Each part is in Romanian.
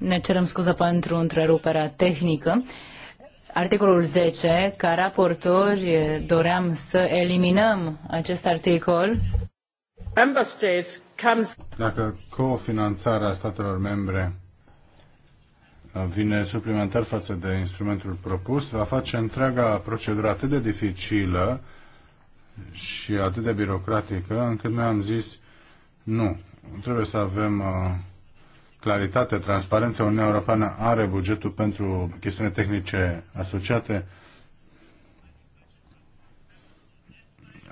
Ne cerem scuză pentru întreruperea tehnică. Articolul 10, ca raportor, doream să eliminăm acest articol. Dacă cofinanțarea statelor membre uh, vine suplimentar față de instrumentul propus, va face întreaga procedură atât de dificilă și atât de birocratică, încât noi am zis nu, trebuie să avem uh, claritate, transparență. Uniunea Europeană are bugetul pentru chestiuni tehnice asociate.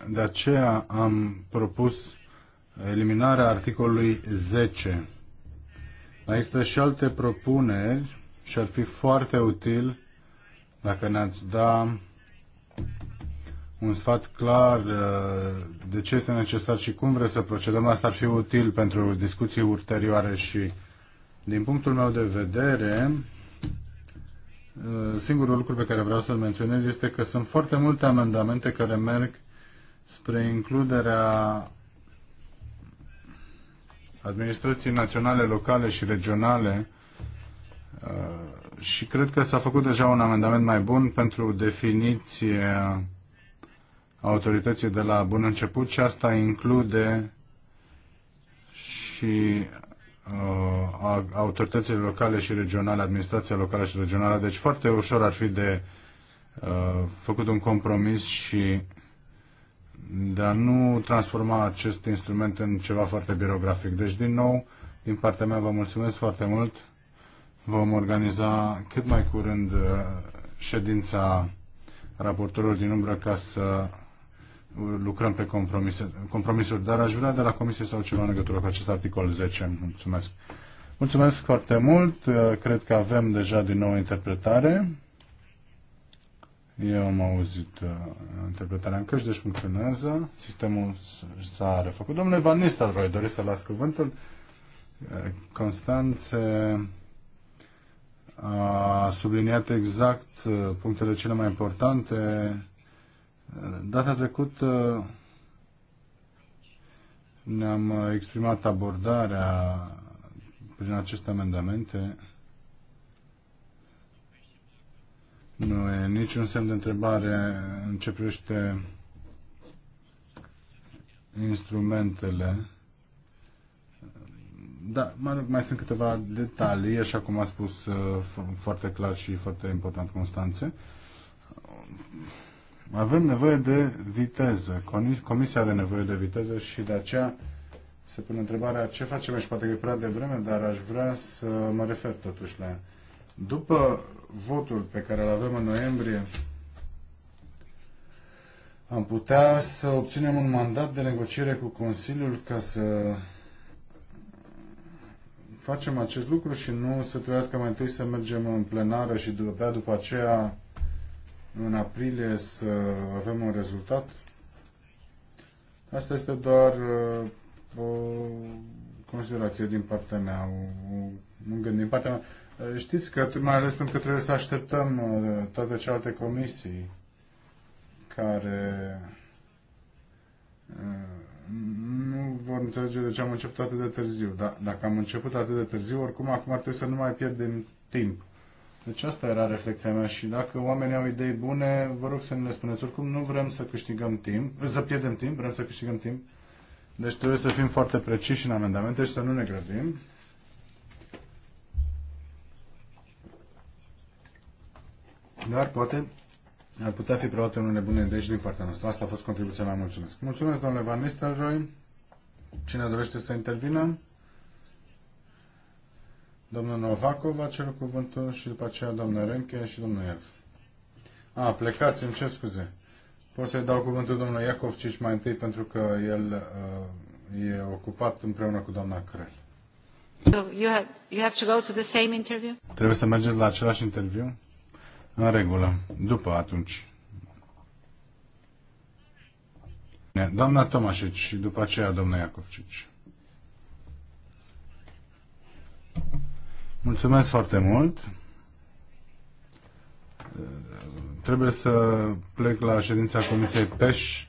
De aceea am propus eliminarea articolului 10. Mai există și alte propuneri și ar fi foarte util dacă ne-ați da un sfat clar uh, de ce este necesar și cum vreți să procedăm. Asta ar fi util pentru discuții ulterioare și din punctul meu de vedere, uh, singurul lucru pe care vreau să-l menționez este că sunt foarte multe amendamente care merg spre includerea administrații naționale, locale și regionale uh, și cred că s-a făcut deja un amendament mai bun pentru definiție autorității de la bun început și asta include și Uh, a autoritățile locale și regionale, administrația locală și regională. Deci foarte ușor ar fi de uh, făcut un compromis și de a nu transforma acest instrument în ceva foarte birografic. Deci, din nou, din partea mea vă mulțumesc foarte mult. Vom organiza cât mai curând uh, ședința raportorilor din umbră ca să lucrăm pe compromise, compromisuri, dar aș vrea de la Comisie sau ceva în legătură cu acest articol 10. Mulțumesc. Mulțumesc foarte mult. Uh, cred că avem deja din nou interpretare. Eu am auzit uh, interpretarea în căști, deci funcționează. Sistemul s-a refăcut. Domnule Van Nistelrooy, doriți să las cuvântul. Uh, Constanțe a subliniat exact punctele cele mai importante Data trecută ne-am exprimat abordarea prin aceste amendamente. Nu e niciun semn de întrebare în ce privește instrumentele. Da, mă rog, mai sunt câteva detalii, așa cum a spus uh, foarte clar și foarte important Constanțe. Avem nevoie de viteză. Comisia are nevoie de viteză și de aceea se pune întrebarea ce facem și poate că e prea devreme, dar aș vrea să mă refer totuși la ea. După votul pe care îl avem în noiembrie, am putea să obținem un mandat de negociere cu Consiliul ca să facem acest lucru și nu să trebuiască mai întâi să mergem în plenară și după, după aceea în aprilie să avem un rezultat. Asta este doar uh, o considerație din partea mea, un gând din partea mea. Uh, știți că, mai ales pentru că trebuie să așteptăm uh, toate celelalte comisii care nu vor înțelege de ce am început atât de târziu. Dar dacă am început atât de târziu, oricum acum ar trebui să nu mai pierdem timp. Deci asta era reflexia mea și dacă oamenii au idei bune, vă rog să ne le spuneți. Oricum nu vrem să câștigăm timp, să pierdem timp, vrem să câștigăm timp. Deci trebuie să fim foarte preciși în amendamente și să nu ne grăbim. Dar poate ar putea fi preluate unele bune idei și din partea noastră. Asta a fost contribuția mea. Mulțumesc. Mulțumesc, domnule Van Nistelrooy. Cine dorește să intervină? Domnul Novakov va cere cuvântul și după aceea domnul Renke și domnul Iarf. A, plecați, îmi cer scuze. Pot să-i dau cuvântul domnului Iacov și mai întâi pentru că el uh, e ocupat împreună cu doamna Crel. You have, you have to go to the same interview? Trebuie să mergeți la același interviu? În regulă. După atunci. Doamna Tomașic și după aceea domnul Iacovcici. Mulțumesc foarte mult. Trebuie să plec la ședința Comisiei PEș,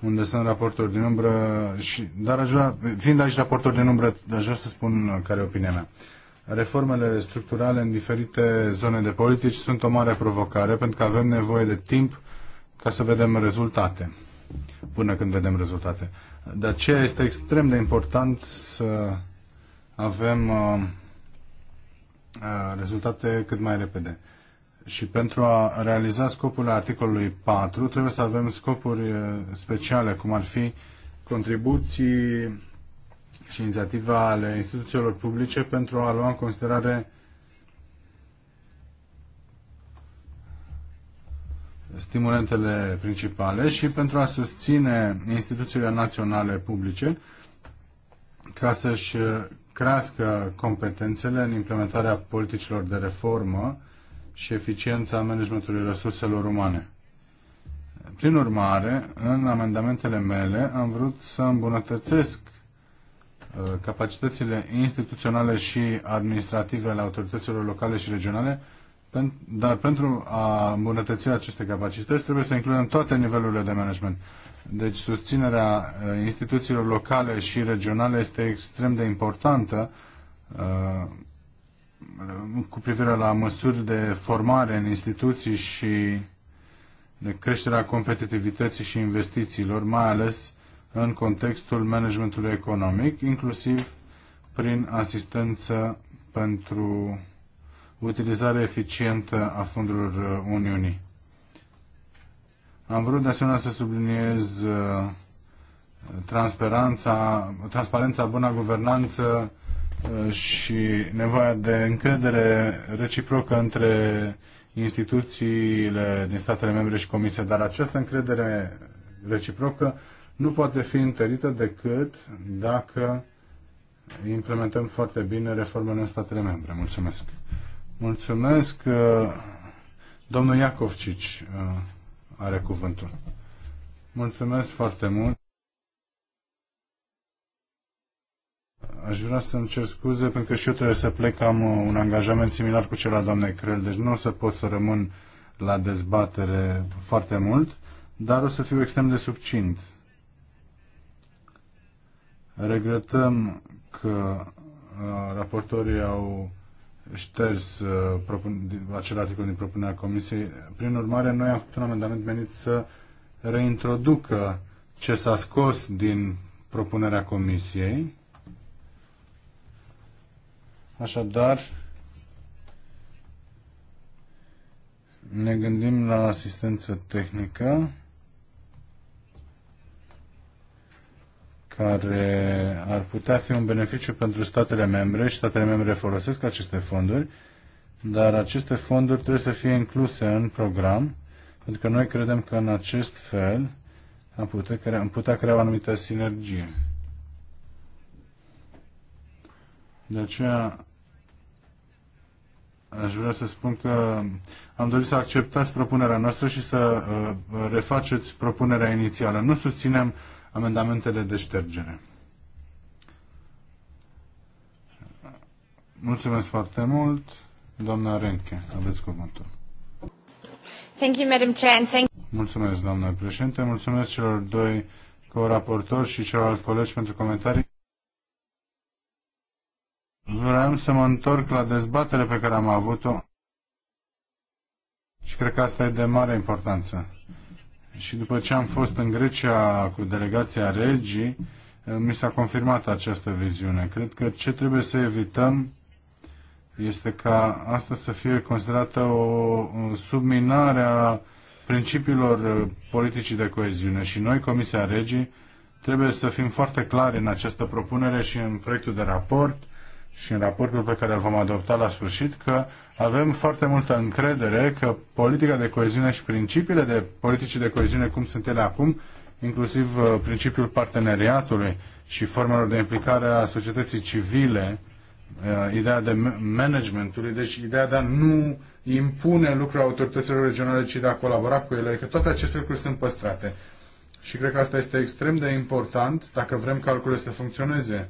unde sunt raportori din umbră, și, dar aș vrea, fiind aici raportori din umbră, aș vrea să spun care e opinia mea. Reformele structurale în diferite zone de politici sunt o mare provocare, pentru că avem nevoie de timp ca să vedem rezultate, până când vedem rezultate. De aceea este extrem de important să avem uh, Uh, rezultate cât mai repede. Și pentru a realiza scopul articolului 4 trebuie să avem scopuri uh, speciale, cum ar fi contribuții și inițiativa ale instituțiilor publice pentru a lua în considerare stimulentele principale și pentru a susține instituțiile naționale publice ca să-și uh, crească competențele în implementarea politicilor de reformă și eficiența managementului resurselor umane. Prin urmare, în amendamentele mele am vrut să îmbunătățesc uh, capacitățile instituționale și administrative ale autorităților locale și regionale, dar pentru a îmbunătăți aceste capacități trebuie să includem toate nivelurile de management. Deci susținerea uh, instituțiilor locale și regionale este extrem de importantă uh, cu privire la măsuri de formare în instituții și de creșterea competitivității și investițiilor, mai ales în contextul managementului economic, inclusiv prin asistență pentru utilizare eficientă a fondurilor uh, Uniunii. Am vrut de asemenea să subliniez uh, transparența, transparența buna guvernanță uh, și nevoia de încredere reciprocă între instituțiile din statele membre și comisie, dar această încredere reciprocă nu poate fi întărită decât dacă implementăm foarte bine reformele în statele membre. Mulțumesc. Mulțumesc, uh, domnul Iacovcici are cuvântul. Mulțumesc foarte mult. Aș vrea să-mi cer scuze pentru că și eu trebuie să plec, am uh, un angajament similar cu cel al doamnei Crel, deci nu o să pot să rămân la dezbatere foarte mult, dar o să fiu extrem de succint. Regretăm că uh, raportorii au șters uh, propun, acel articol din propunerea Comisiei. Prin urmare, noi am făcut un amendament menit să reintroducă ce s-a scos din propunerea Comisiei. Așadar, ne gândim la asistență tehnică. care ar putea fi un beneficiu pentru statele membre și statele membre folosesc aceste fonduri, dar aceste fonduri trebuie să fie incluse în program, pentru că noi credem că în acest fel am putea crea, am putea crea o anumită sinergie. De aceea aș vrea să spun că am dorit să acceptați propunerea noastră și să uh, refaceți propunerea inițială. Nu susținem amendamentele de ștergere. Mulțumesc foarte mult. Doamna Renke, aveți cuvântul. Thank you, Madam Chair, and thank Mulțumesc, doamna președinte. Mulțumesc celor doi co-raportori și celorlalți colegi pentru comentarii. Vreau să mă întorc la dezbatere pe care am avut-o și cred că asta e de mare importanță și după ce am fost în Grecia cu delegația regii, eh, mi s-a confirmat această viziune. Cred că ce trebuie să evităm este ca asta să fie considerată o subminare a principiilor eh, politicii de coeziune și noi, Comisia Regii, trebuie să fim foarte clari în această propunere și în proiectul de raport și în raportul pe care îl vom adopta la sfârșit că avem foarte multă încredere că politica de coeziune și principiile de politici de coeziune, cum sunt ele acum, inclusiv uh, principiul parteneriatului și formelor de implicare a societății civile, uh, ideea de managementului, deci ideea de a nu impune lucruri autorităților regionale, ci de a colabora cu ele, că toate aceste lucruri sunt păstrate. Și cred că asta este extrem de important dacă vrem calculele să funcționeze.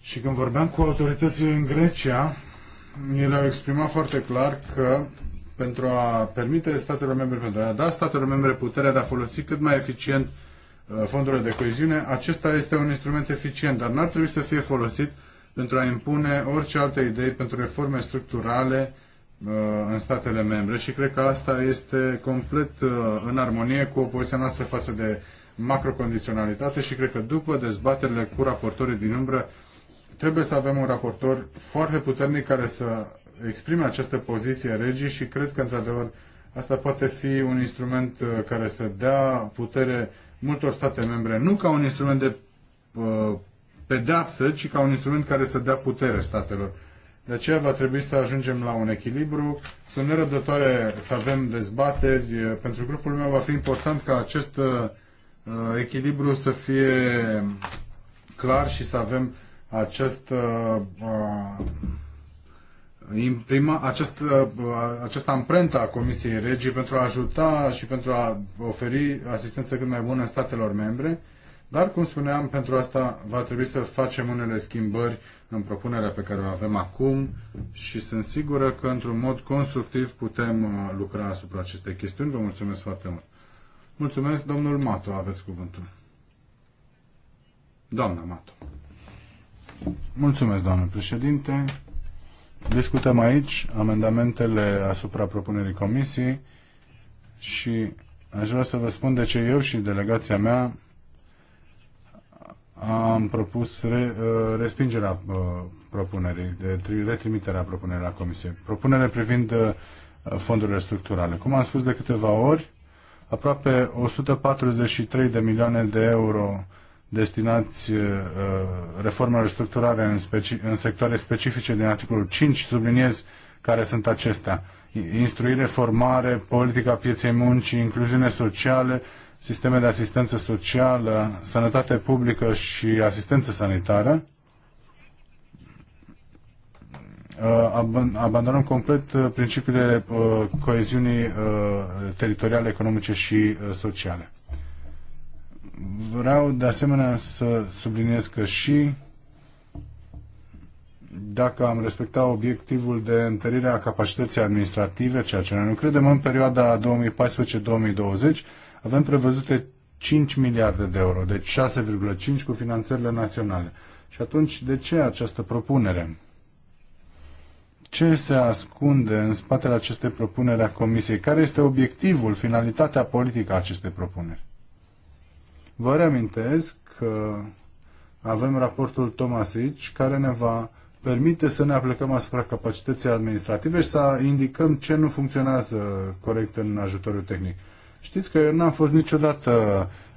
Și când vorbeam cu autoritățile în Grecia, ele au exprimat foarte clar că pentru a permite statelor membre, pentru a da statelor membre puterea de a folosi cât mai eficient uh, fondurile de coeziune, acesta este un instrument eficient, dar n-ar trebui să fie folosit pentru a impune orice alte idei pentru reforme structurale uh, în statele membre și cred că asta este complet uh, în armonie cu opoziția noastră față de macrocondiționalitate și cred că după dezbaterile cu raportorii din umbră trebuie să avem un raportor foarte puternic care să exprime această poziție regii și cred că, într-adevăr, asta poate fi un instrument uh, care să dea putere multor state membre, nu ca un instrument de uh, pedeapsă, ci ca un instrument care să dea putere statelor. De aceea va trebui să ajungem la un echilibru. Sunt nerăbdătoare să avem dezbateri. Uh, pentru grupul meu va fi important ca acest echilibru să fie clar și să avem acest, uh, uh, imprima, acest, uh, această amprentă a Comisiei Regii pentru a ajuta și pentru a oferi asistență cât mai bună statelor membre, dar, cum spuneam, pentru asta va trebui să facem unele schimbări în propunerea pe care o avem acum și sunt sigură că, într-un mod constructiv, putem lucra asupra acestei chestiuni. Vă mulțumesc foarte mult. Mulțumesc, domnul Mato, aveți cuvântul. Doamna Mato. Mulțumesc, doamnă președinte. Discutăm aici amendamentele asupra propunerii comisiei și aș vrea să vă spun de ce eu și delegația mea am propus re, uh, respingerea uh, propunerii, de retrimiterea propunerii la comisie. Propunere privind uh, fondurile structurale. Cum am spus de câteva ori, aproape 143 de milioane de euro destinați uh, reformelor structurale în, speci- în sectoare specifice din articolul 5, subliniez care sunt acestea. Instruire, formare, politica pieței muncii, incluziune socială, sisteme de asistență socială, sănătate publică și asistență sanitară. Uh, abandonăm complet uh, principiile coeziunii teritoriale, economice și sociale. Vreau de asemenea să subliniez că și dacă am respectat obiectivul de întărire a capacității administrative, ceea ce noi nu credem, în perioada 2014-2020 avem prevăzute 5 miliarde de euro, deci 6,5 cu finanțările naționale. Și atunci, de ce această propunere? Ce se ascunde în spatele acestei propuneri a Comisiei? Care este obiectivul, finalitatea politică a acestei propuneri? Vă reamintesc că avem raportul Tomasic care ne va permite să ne aplicăm asupra capacității administrative și să indicăm ce nu funcționează corect în ajutorul tehnic. Știți că eu n-am fost niciodată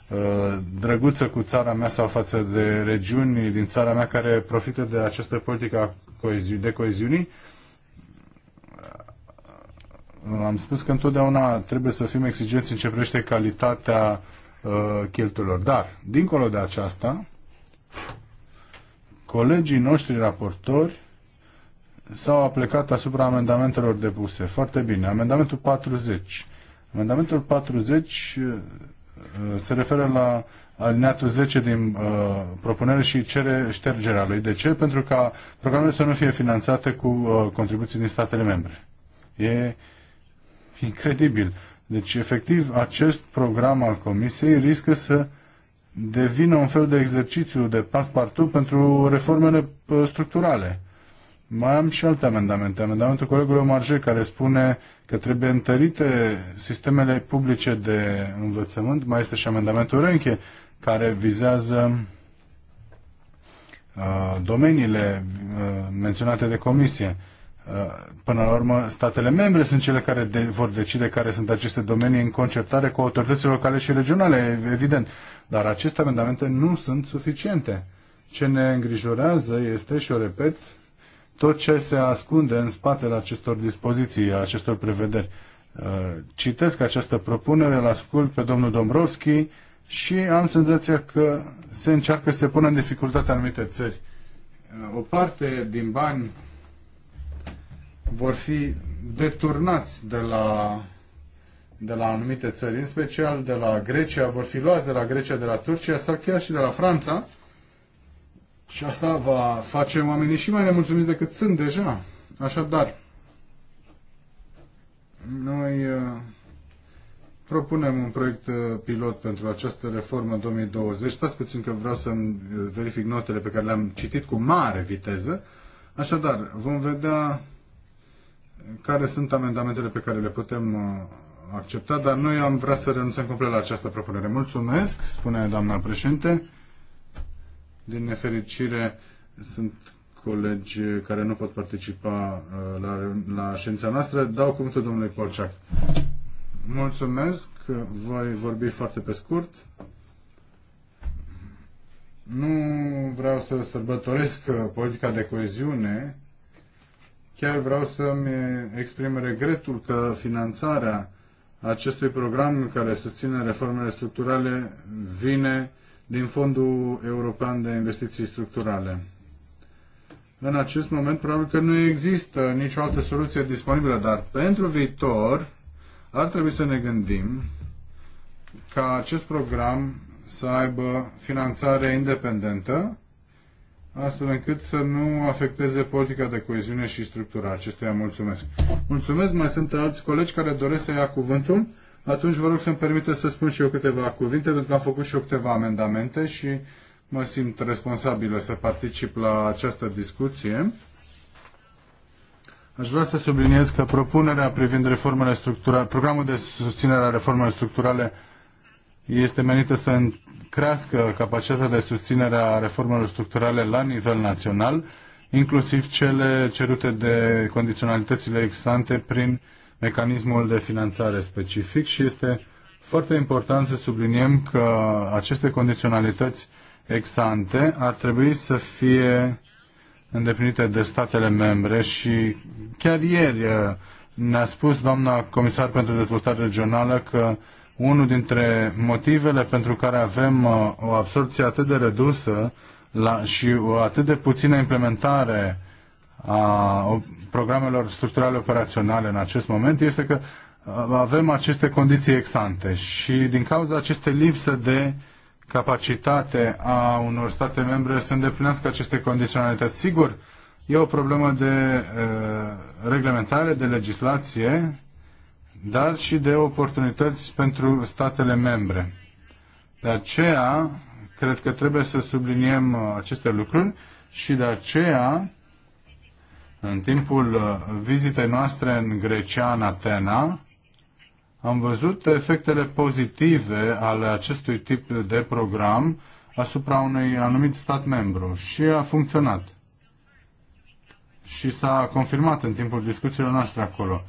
uh, drăguță cu țara mea sau față de regiuni din țara mea care profită de această politică de coeziunii. Am spus că întotdeauna trebuie să fim exigenți în ce privește calitatea Uh, cheltuilor. Dar, dincolo de aceasta, colegii noștri raportori s-au aplicat asupra amendamentelor depuse. Foarte bine. Amendamentul 40. Amendamentul 40 uh, se referă la alineatul 10 din uh, propunere și cere ștergerea lui. De ce? Pentru ca programele să nu fie finanțate cu uh, contribuții din statele membre. E incredibil. Deci, efectiv, acest program al Comisiei riscă să devină un fel de exercițiu de paspartu pentru reformele structurale. Mai am și alte amendamente. Amendamentul colegului Marge care spune că trebuie întărite sistemele publice de învățământ. Mai este și amendamentul Renche care vizează uh, domeniile uh, menționate de comisie. Uh, Uh, până la urmă, statele membre sunt cele care de, vor decide care sunt aceste domenii în concertare cu autoritățile locale și regionale, evident. Dar aceste amendamente nu sunt suficiente. Ce ne îngrijorează este, și o repet, tot ce se ascunde în spatele acestor dispoziții, acestor prevederi. Uh, citesc această propunere, la scul pe domnul Dombrovski și am senzația că se încearcă să se pună în dificultate anumite țări. Uh, o parte din bani vor fi deturnați de la, de la anumite țări, în special de la Grecia, vor fi luați de la Grecia, de la Turcia sau chiar și de la Franța. Și asta va face oamenii și mai nemulțumiți decât sunt deja. Așadar, noi uh, propunem un proiect uh, pilot pentru această reformă 2020. Stați puțin că vreau să uh, verific notele pe care le-am citit cu mare viteză. Așadar, vom vedea care sunt amendamentele pe care le putem uh, accepta, dar noi am vrea să renunțăm complet la această propunere. Mulțumesc, spune doamna președinte. Din nefericire, sunt colegi care nu pot participa uh, la, la ședința noastră. Dau cuvântul domnului Polceac. Mulțumesc, voi vorbi foarte pe scurt. Nu vreau să sărbătoresc uh, politica de coeziune, Chiar vreau să-mi exprim regretul că finanțarea acestui program care susține reformele structurale vine din Fondul European de Investiții Structurale. În acest moment, probabil că nu există nicio altă soluție disponibilă, dar pentru viitor ar trebui să ne gândim ca acest program să aibă finanțare independentă astfel încât să nu afecteze politica de coeziune și structura acesteia. Mulțumesc. Mulțumesc, mai sunt alți colegi care doresc să ia cuvântul. Atunci vă rog să-mi permite să spun și eu câteva cuvinte, pentru că am făcut și eu câteva amendamente și mă simt responsabilă să particip la această discuție. Aș vrea să subliniez că propunerea privind reformele structurale, programul de susținere a reformelor structurale este menită să crească capacitatea de susținere a reformelor structurale la nivel național, inclusiv cele cerute de condiționalitățile exante prin mecanismul de finanțare specific și este foarte important să subliniem că aceste condiționalități exante ar trebui să fie îndeplinite de statele membre și chiar ieri ne-a spus doamna comisar pentru dezvoltare regională că unul dintre motivele pentru care avem uh, o absorpție atât de redusă la, și o atât de puțină implementare a programelor structurale operaționale în acest moment este că uh, avem aceste condiții exante și din cauza acestei lipsă de capacitate a unor state membre să îndeplinească aceste condiționalități. Sigur, e o problemă de uh, reglementare, de legislație dar și de oportunități pentru statele membre. De aceea, cred că trebuie să subliniem uh, aceste lucruri și de aceea, în timpul uh, vizitei noastre în Grecia, în Atena, am văzut efectele pozitive ale acestui tip de program asupra unui anumit stat membru și a funcționat. Și s-a confirmat în timpul discuțiilor noastre acolo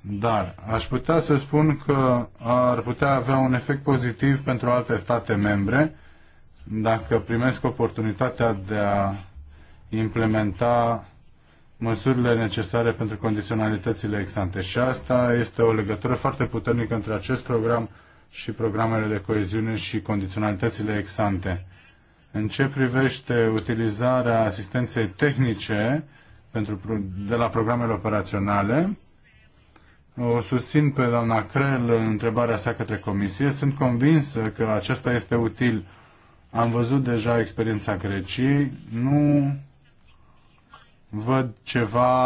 dar aș putea să spun că ar putea avea un efect pozitiv pentru alte state membre dacă primesc oportunitatea de a implementa măsurile necesare pentru condiționalitățile exante. Și asta este o legătură foarte puternică între acest program și programele de coeziune și condiționalitățile exante. În ce privește utilizarea asistenței tehnice pentru, de la programele operaționale, o susțin pe doamna Crel în întrebarea sa către comisie. Sunt convins că acesta este util. Am văzut deja experiența Greciei. Nu văd ceva,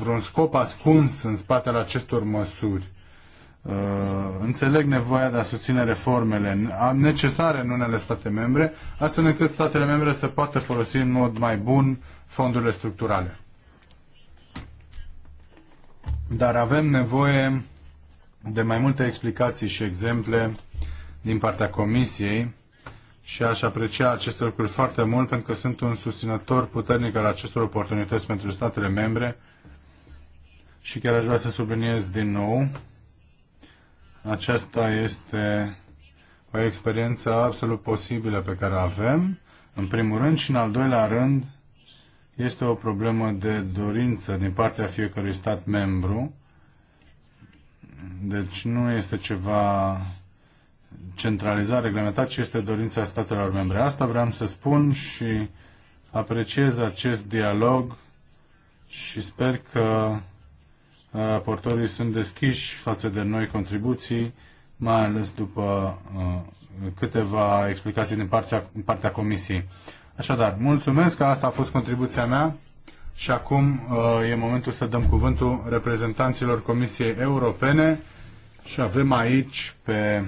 vreun scop ascuns în spatele acestor măsuri. Uh, înțeleg nevoia de a susține reformele necesare în unele state membre, astfel încât statele membre să poată folosi în mod mai bun fondurile structurale dar avem nevoie de mai multe explicații și exemple din partea Comisiei și aș aprecia aceste lucruri foarte mult pentru că sunt un susținător puternic al acestor oportunități pentru statele membre și chiar aș vrea să subliniez din nou aceasta este o experiență absolut posibilă pe care o avem, în primul rând, și în al doilea rând, este o problemă de dorință din partea fiecărui stat membru. Deci nu este ceva centralizat, reglementat, ci este dorința statelor membre. Asta vreau să spun și apreciez acest dialog și sper că uh, raportorii sunt deschiși față de noi contribuții, mai ales după uh, câteva explicații din partea, din partea Comisiei. Așadar, mulțumesc că asta a fost contribuția mea și acum uh, e momentul să dăm cuvântul reprezentanților Comisiei Europene și avem aici pe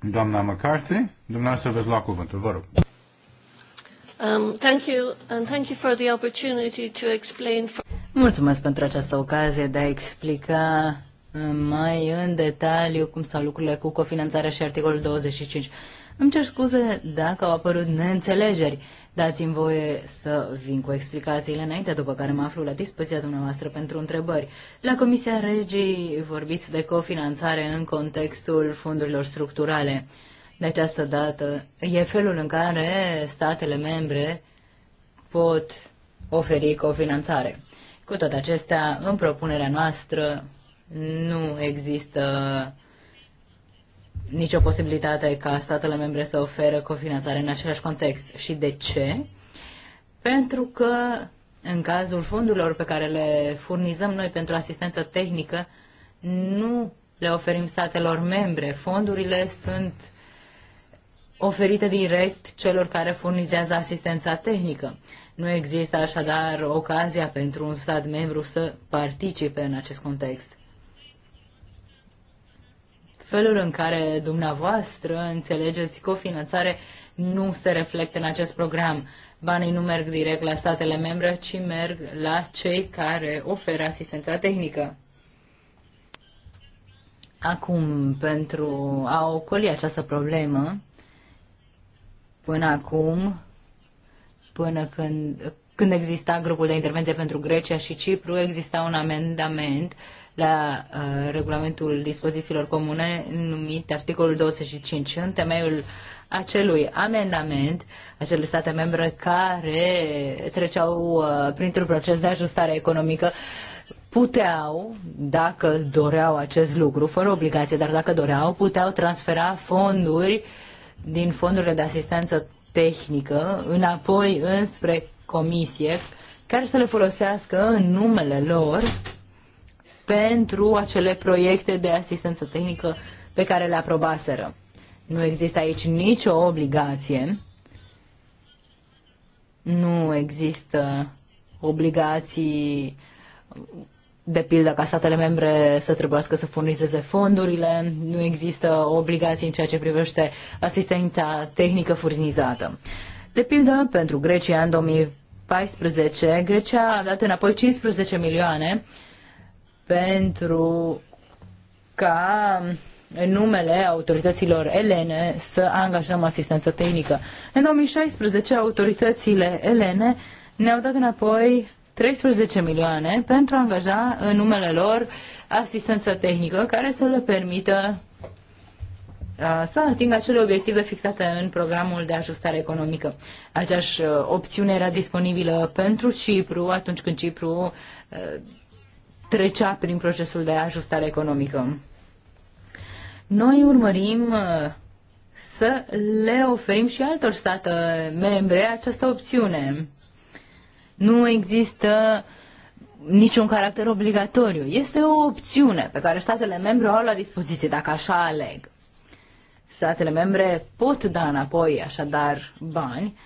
doamna McCarthy. Dumneavoastră veți lua cuvântul, vă rog. Um, thank you and thank you for the opportunity to explain for... Mulțumesc pentru această ocazie de a explica uh, mai în detaliu cum stau lucrurile cu cofinanțarea și articolul 25. Îmi cer scuze dacă au apărut neînțelegeri. Dați-mi voie să vin cu explicațiile înainte, după care mă aflu la dispoziția dumneavoastră pentru întrebări. La Comisia Regii vorbiți de cofinanțare în contextul fondurilor structurale. De această dată e felul în care statele membre pot oferi cofinanțare. Cu toate acestea, în propunerea noastră nu există nicio posibilitate ca statele membre să ofere cofinanțare în același context. Și de ce? Pentru că în cazul fondurilor pe care le furnizăm noi pentru asistență tehnică, nu le oferim statelor membre. Fondurile sunt oferite direct celor care furnizează asistența tehnică. Nu există așadar ocazia pentru un stat membru să participe în acest context felul în care dumneavoastră înțelegeți cofinanțare nu se reflectă în acest program. Banii nu merg direct la statele membre, ci merg la cei care oferă asistența tehnică. Acum, pentru a ocoli această problemă, până acum, până când, când exista grupul de intervenție pentru Grecia și Cipru, exista un amendament uh, la uh, regulamentul dispozițiilor comune numit articolul 25 în temeiul acelui amendament, acele state membre care treceau uh, printr-un proces de ajustare economică puteau, dacă doreau acest lucru, fără obligație, dar dacă doreau, puteau transfera fonduri din fondurile de asistență tehnică înapoi înspre comisie, care să le folosească în numele lor pentru acele proiecte de asistență tehnică pe care le aprobaseră. Nu există aici nicio obligație, nu există obligații de pildă ca statele membre să trebuiască să furnizeze fondurile, nu există obligații în ceea ce privește asistența tehnică furnizată. De pildă, pentru Grecia în 2014, Grecia a dat înapoi 15 milioane uh, pentru ca în numele autorităților elene să angajăm asistență tehnică. În 2016, autoritățile elene ne-au dat înapoi 13 milioane pentru a angaja în numele lor asistență tehnică care să le permită să atingă acele obiective fixate în programul de ajustare economică. Aceeași uh, opțiune era disponibilă pentru Cipru atunci când Cipru uh, trecea prin procesul de ajustare economică. Noi urmărim uh, să le oferim și altor state membre această opțiune. Nu există niciun caracter obligatoriu. Este o opțiune pe care statele membre o au la dispoziție dacă așa aleg. Statele membre pot da înapoi așadar bani,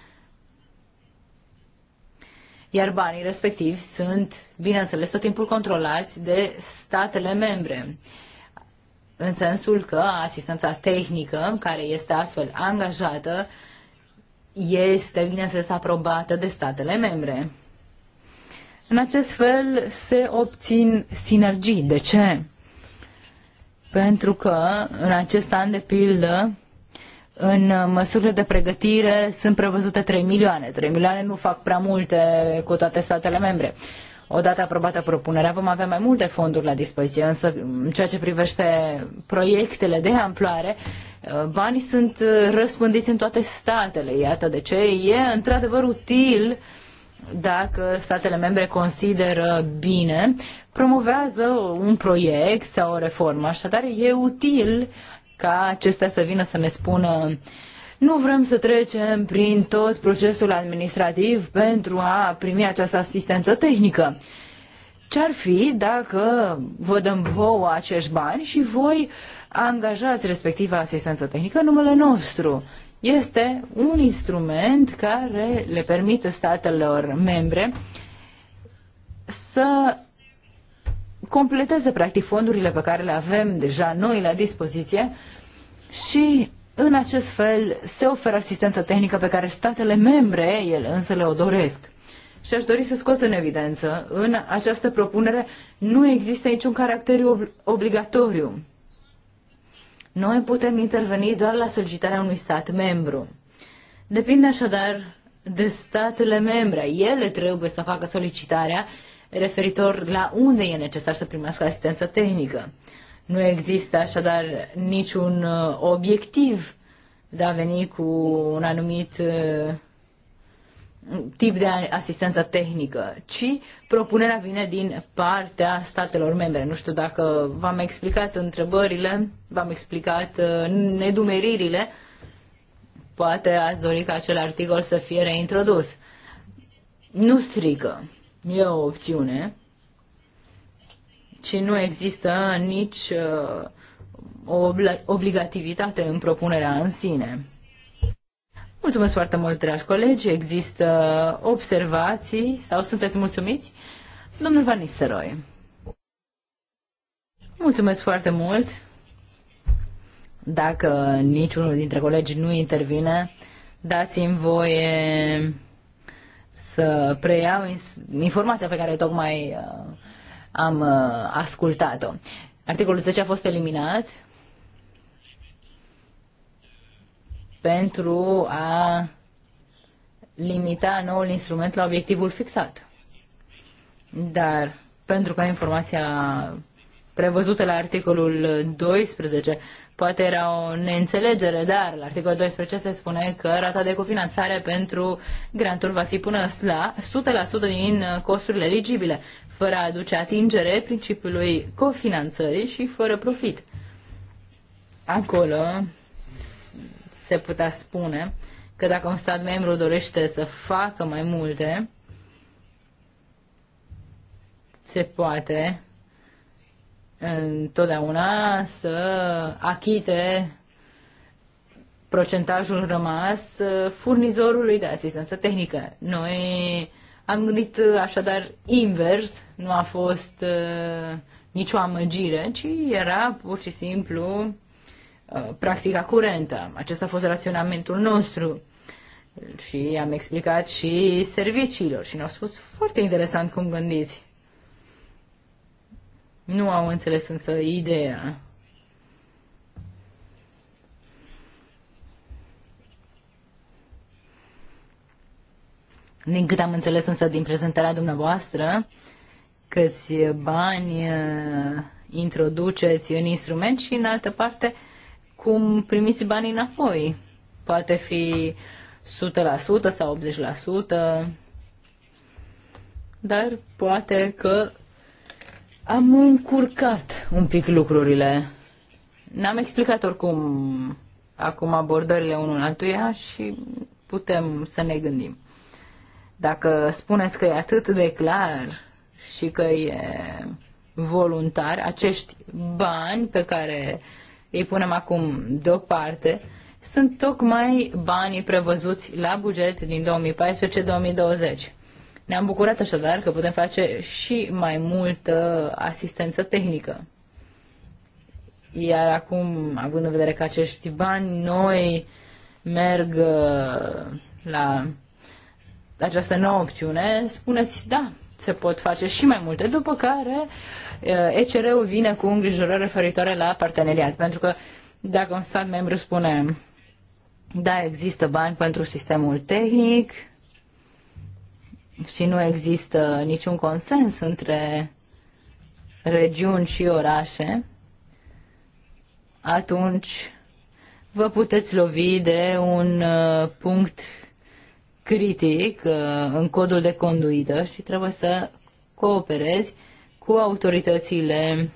iar banii respectivi sunt, bineînțeles, tot timpul controlați de statele membre în sensul că asistența tehnică, care este astfel angajată, este, bineînțeles, aprobată de statele membre. În acest fel se obțin sinergii. De ce? Pentru că în acest an, de pildă, în uh, măsurile de pregătire sunt prevăzute 3 milioane. 3 milioane nu fac prea multe cu toate statele membre. Odată aprobată propunerea, vom avea mai multe fonduri la dispoziție, însă în ceea ce privește proiectele de amploare, uh, banii sunt uh, răspândiți în toate statele. Iată de ce e într-adevăr util dacă statele membre consideră bine, promovează un proiect sau o reformă. Așadar, e util ca acestea să vină să ne spună nu vrem să trecem prin tot procesul administrativ pentru a primi această asistență tehnică. Ce ar fi dacă vă dăm vouă acești bani și voi angajați respectiva asistență tehnică în numele nostru? Este un instrument care le permite statelor membre să completeze practic fondurile pe care le avem deja noi la dispoziție și în acest fel se oferă asistență tehnică pe care statele membre ele însă le o doresc. Și aș dori să scot în evidență, în această propunere nu există niciun caracter obligatoriu. Noi putem interveni doar la solicitarea unui stat membru. Depinde așadar de statele membre. Ele trebuie să facă solicitarea referitor la unde e necesar să primească asistență tehnică. Nu există așadar niciun uh, obiectiv de a veni cu un anumit uh, tip de asistență tehnică, ci propunerea vine din partea statelor membre. Nu știu dacă v-am explicat întrebările, v-am explicat uh, nedumeririle, poate ați dori ca acel articol să fie reintrodus. Nu strică e o opțiune și nu există nici uh, o obligativitate în propunerea în sine. Mulțumesc foarte mult, dragi colegi. Există observații sau sunteți mulțumiți? Domnul Van Nistelrooy. Mulțumesc foarte mult. Dacă niciunul dintre colegi nu intervine, dați-mi voie să preiau informația pe care tocmai uh, am uh, ascultat-o. Articolul 10 a fost eliminat pentru a limita noul instrument la obiectivul fixat. Dar pentru că informația prevăzută la articolul 12 Poate era o neînțelegere, dar la articolul 12 se spune că rata de cofinanțare pentru grantul va fi până la 100% din costurile eligibile, fără a aduce atingere principiului cofinanțării și fără profit. Acolo se putea spune că dacă un stat membru dorește să facă mai multe, se poate întotdeauna să achite procentajul rămas uh, furnizorului de asistență tehnică. Noi am gândit uh, așadar invers, nu a fost uh, nicio amăgire, ci era pur și simplu uh, practica curentă. Acesta a fost raționamentul nostru. Și am explicat și serviciilor și ne-au spus foarte interesant cum gândiți. Nu au înțeles însă ideea. Din cât am înțeles însă din prezentarea dumneavoastră, câți bani uh, introduceți în instrument și în altă parte cum primiți banii înapoi. Poate fi 100% sau 80%, dar poate că am încurcat un pic lucrurile. N-am explicat oricum acum abordările unul altuia și putem să ne gândim. Dacă spuneți că e atât de clar și că e voluntar, acești bani pe care îi punem acum deoparte sunt tocmai banii prevăzuți la buget din 2014-2020. Ne-am bucurat așadar că putem face și mai multă asistență tehnică. Iar acum, având în vedere că acești bani noi merg uh, la această nouă opțiune, spuneți da, se pot face și mai multe, după care uh, ECR-ul vine cu îngrijorări referitoare la parteneriat, pentru că dacă un stat membru spune da, există bani pentru sistemul tehnic, și nu există niciun consens între regiuni și orașe, atunci vă puteți lovi de un uh, punct critic uh, în codul de conduită și trebuie să cooperezi cu autoritățile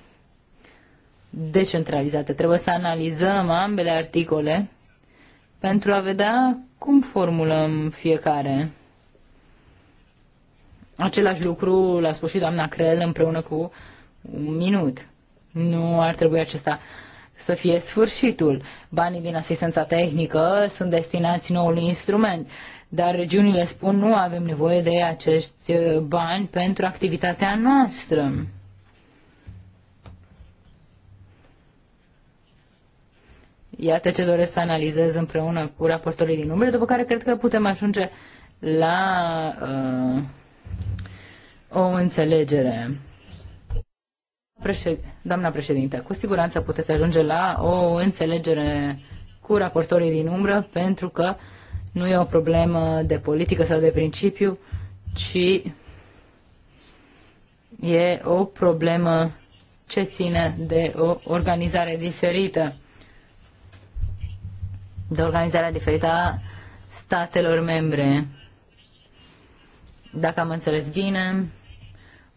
decentralizate. Trebuie să analizăm ambele articole pentru a vedea cum formulăm fiecare. Același lucru l-a spus și doamna Crel împreună cu un minut. Nu ar trebui acesta să fie sfârșitul. Banii din asistența tehnică sunt destinați noului instrument, dar regiunile spun nu avem nevoie de acești uh, bani pentru activitatea noastră. Iată ce doresc să analizez împreună cu raportorii din umbră, după care cred că putem ajunge la uh, o înțelegere. Doamna președinte, cu siguranță puteți ajunge la o înțelegere cu raportorii din umbră, pentru că nu e o problemă de politică sau de principiu, ci e o problemă ce ține de o organizare diferită, de organizarea diferită a statelor membre. Dacă am înțeles bine,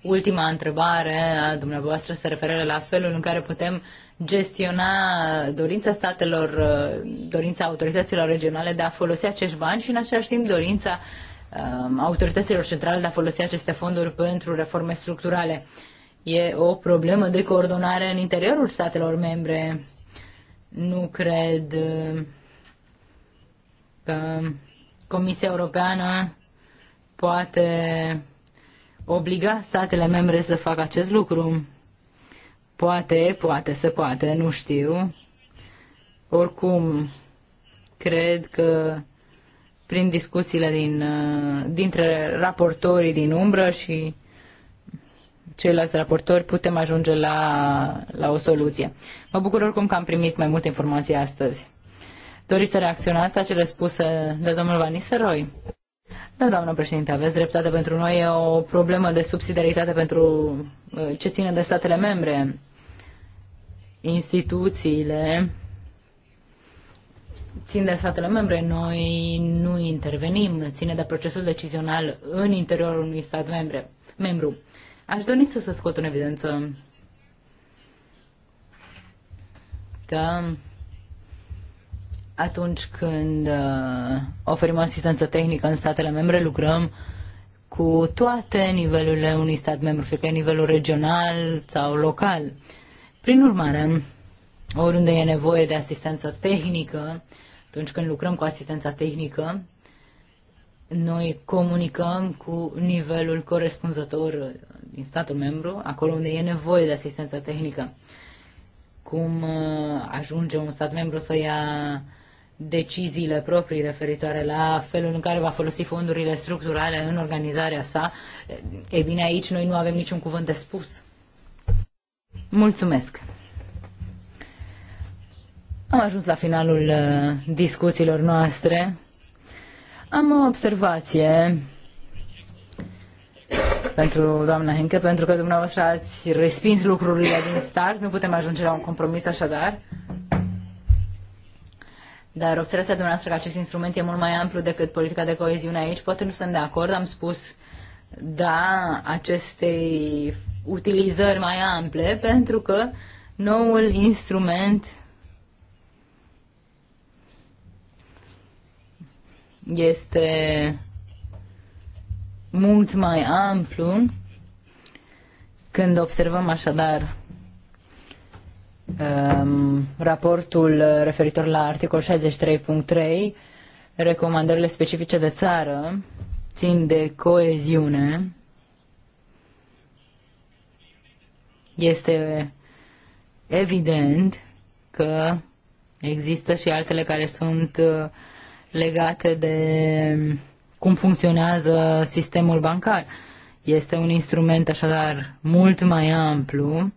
Ultima întrebare a dumneavoastră se referă la felul în care putem gestiona dorința statelor, dorința autorităților regionale de a folosi acești bani și în același timp dorința um, autorităților centrale de a folosi aceste fonduri pentru reforme structurale. E o problemă de coordonare în interiorul statelor membre. Nu cred um, că Comisia Europeană poate obliga statele membre să facă acest lucru. Poate, poate, se poate, nu știu. Oricum, cred că prin discuțiile din, uh, dintre raportorii din umbră și ceilalți raportori putem ajunge la, la o soluție. Mă bucur oricum că am primit mai multe informații astăzi. Doriți să reacționați la cele spuse de domnul Van da, doamnă președinte, aveți dreptate. Pentru noi e o problemă de subsidiaritate pentru uh, ce ține de statele membre. Instituțiile țin de statele membre, noi nu intervenim, ține de procesul decizional în interiorul unui stat membre, membru. Aș dori să se scot în evidență că atunci când uh, oferim asistență tehnică în statele membre, lucrăm cu toate nivelurile unui stat membru, fie că e nivelul regional sau local. Prin urmare, oriunde e nevoie de asistență tehnică, atunci când lucrăm cu asistența tehnică, noi comunicăm cu nivelul corespunzător din statul membru, acolo unde e nevoie de asistență tehnică. Cum uh, ajunge un stat membru să ia deciziile proprii referitoare la felul în care va folosi fondurile structurale în organizarea sa, e bine, aici noi nu avem niciun cuvânt de spus. Mulțumesc! Am ajuns la finalul uh, discuțiilor noastre. Am o observație pentru doamna Henke, pentru că dumneavoastră ați respins lucrurile din start, nu putem ajunge la un compromis așadar. Dar observația dumneavoastră că acest instrument e mult mai amplu decât politica de coeziune aici, poate nu sunt de acord, am spus da acestei utilizări mai ample, pentru că noul instrument este mult mai amplu când observăm așadar Ehm, raportul referitor la articol 63.3, recomandările specifice de țară țin de coeziune. Este evident că există și altele care sunt uh, legate de cum funcționează sistemul bancar. Este un instrument așadar mult mai amplu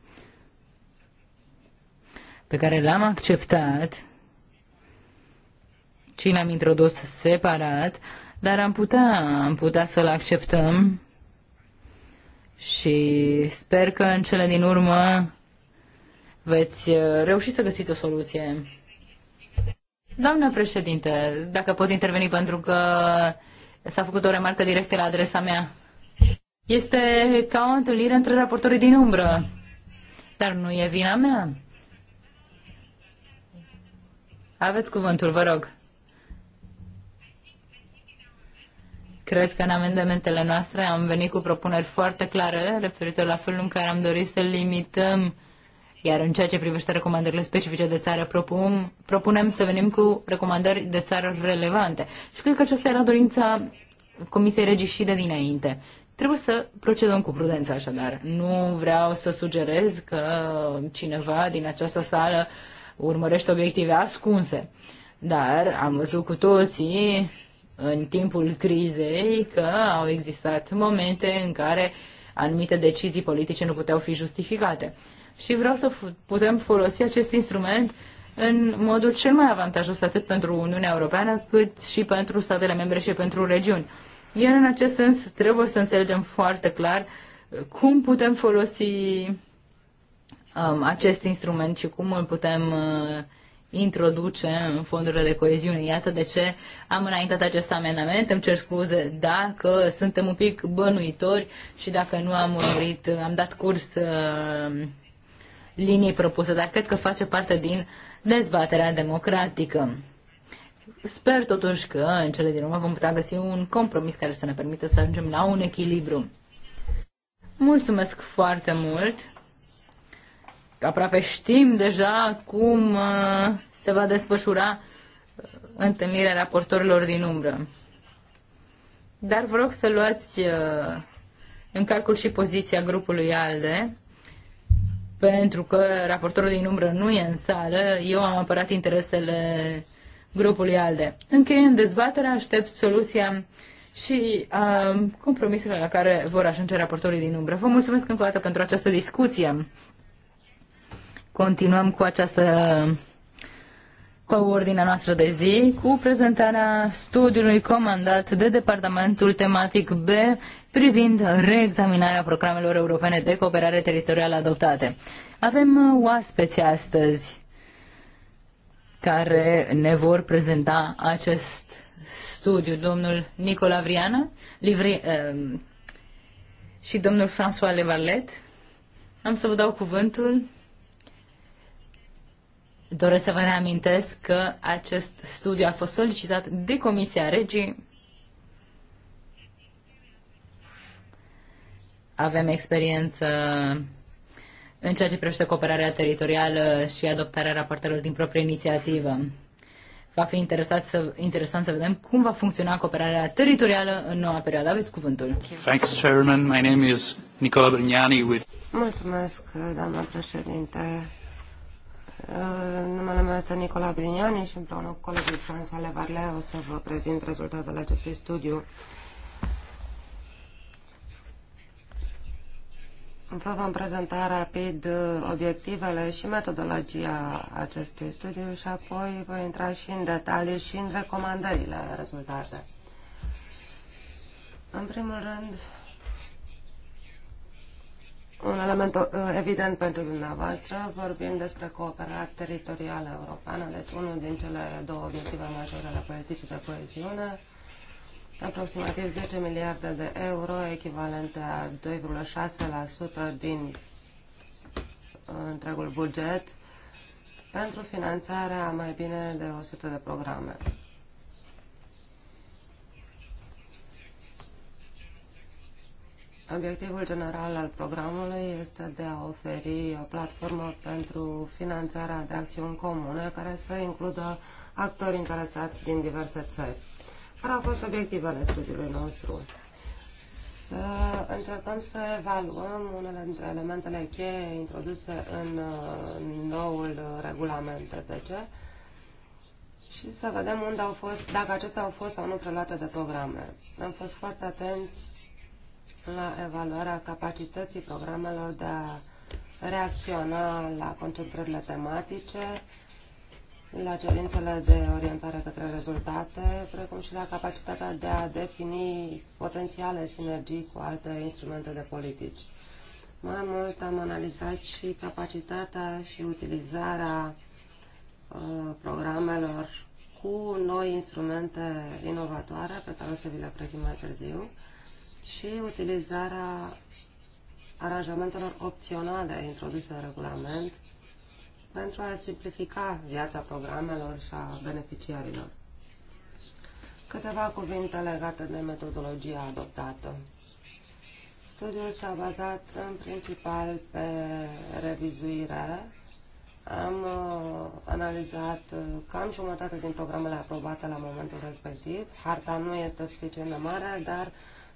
pe care l-am acceptat și l-am introdus separat, dar am putea, am putea să-l acceptăm și sper că în cele din urmă veți uh, reuși să găsiți o soluție. Doamnă președinte, dacă pot interveni pentru că s-a făcut o remarcă directă la adresa mea. Este ca o întâlnire între raportorii din umbră, dar nu e vina mea. Aveți cuvântul, vă rog. Cred că în amendamentele noastre am venit cu propuneri foarte clare referitor la felul în care am dorit să limităm, iar în ceea ce privește recomandările specifice de țară, propun, propunem să venim cu recomandări de țară relevante. Și cred că aceasta era dorința Comisiei Regii și de dinainte. Trebuie să procedăm cu prudență, așadar. Nu vreau să sugerez că cineva din această sală uh, urmărește obiective ascunse. Dar am văzut cu toții în timpul crizei că au existat momente în care anumite decizii politice nu puteau fi justificate. Și vreau să putem folosi acest instrument în modul cel mai avantajos atât pentru Uniunea Europeană cât și pentru statele membre și pentru regiuni. Iar în acest sens trebuie să înțelegem foarte clar cum putem folosi um, acest instrument și cum îl putem uh, introduce în fondurile de coeziune. Iată de ce am înaintat acest amendament. Îmi cer scuze dacă suntem un pic bănuitori și dacă nu am urmărit, uh, am dat curs uh, linii propuse, dar cred că face parte din dezbaterea democratică. Sper totuși că în cele din urmă vom putea găsi un compromis care să ne permită să ajungem la un echilibru. Mulțumesc foarte mult! aproape știm deja cum uh, se va desfășura uh, întâlnirea raportorilor din umbră. Dar vă rog să luați uh, în calcul și poziția grupului ALDE, pentru că raportorul din umbră nu e în sală, eu am apărat interesele grupului ALDE. Încheiem dezbaterea, aștept soluția și uh, compromisurile la care vor ajunge raportorii din umbră. Vă mulțumesc încă o dată pentru această discuție. Continuăm cu această cu ordinea noastră de zi, cu prezentarea studiului comandat de departamentul tematic B privind reexaminarea programelor europene de cooperare teritorială adoptate. Avem oaspeți astăzi care ne vor prezenta acest studiu, domnul Nicola Vriana livri, uh, și domnul François Levalet. Am să vă dau cuvântul Doresc să vă reamintesc că acest studiu a fost solicitat de Comisia Regii. Avem experiență în ceea ce privește cooperarea teritorială și adoptarea raportelor din proprie inițiativă. Va fi interesat să, interesant să vedem cum va funcționa cooperarea teritorială în noua perioadă. Aveți cuvântul. Thanks, Chairman. My name is Nicola Brignani with... Mulțumesc, doamna președinte. Numele meu este Nicola Briniani și împreună cu colegul François Levarle o să vă prezint rezultatele acestui studiu. Vă vom prezenta rapid obiectivele și metodologia acestui studiu și apoi voi intra și în detalii și în recomandările rezultate. În primul rând, un element uh, evident pentru dumneavoastră. Vorbim despre cooperarea teritorială europeană, deci unul din cele două obiective majore ale politicii de coeziune. Aproximativ 10 miliarde de euro, echivalente a 2,6% din uh, întregul buget, pentru finanțarea mai bine de 100 de programe. Obiectivul general al programului este de a oferi o platformă pentru finanțarea de acțiuni comune care să includă actori interesați din diverse țări. Care au fost obiectivele studiului nostru? Să încercăm să evaluăm unele dintre elementele cheie introduse în uh, noul regulament TTC și să vedem unde au fost, dacă acestea au fost sau nu preluate de programe. Am fost foarte atenți la evaluarea capacității programelor de a reacționa la concentrările tematice, la cerințele de orientare către rezultate, precum și la capacitatea de a defini potențiale sinergii cu alte instrumente de politici. Mai mult am analizat și capacitatea și utilizarea uh, programelor cu noi instrumente inovatoare pe care o să vi le prezint mai târziu și utilizarea aranjamentelor opționale introduse în regulament pentru a simplifica viața programelor și a beneficiarilor. Câteva cuvinte legate de metodologia adoptată. Studiul s-a bazat în principal pe revizuire. Am uh, analizat uh, cam jumătate din programele aprobate la momentul respectiv. Harta nu este suficient de mare, dar uh,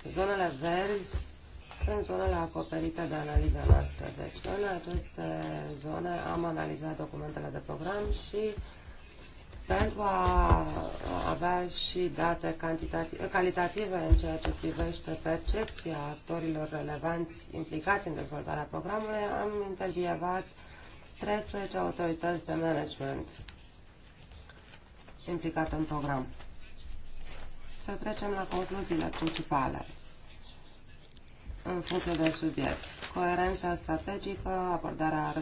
Zonele verzi sunt zonele acoperite de analiza noastră. Deci, în aceste zone am analizat documentele de program și pentru a avea și date calitative în ceea ce privește percepția actorilor relevanți implicați în dezvoltarea programului, am intervievat 13 autorități de management implicate în program să trecem la concluziile principale în funcție de subiect. Coerența strategică, abordarea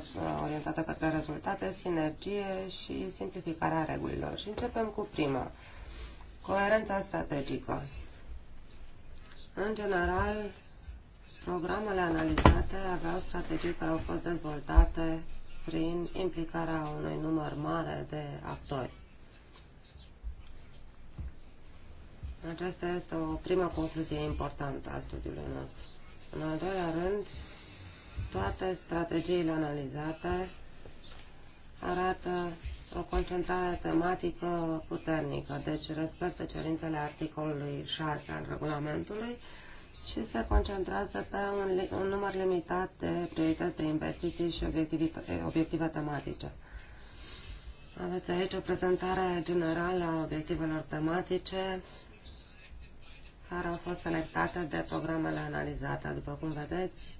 orientată către rezultate, sinergie și simplificarea regulilor. Și începem cu prima. Coerența strategică. În general, programele analizate aveau strategii care au fost dezvoltate prin implicarea unui număr mare de actori. Aceasta este o primă concluzie importantă a studiului nostru. În al doilea rând, toate strategiile analizate arată o concentrare tematică puternică, deci respectă cerințele articolului 6 al regulamentului și se concentrează pe un, un număr limitat de priorități de investiții și obiective tematice. Aveți aici o prezentare generală a obiectivelor tematice care au fost selectate de programele analizate. După cum vedeți,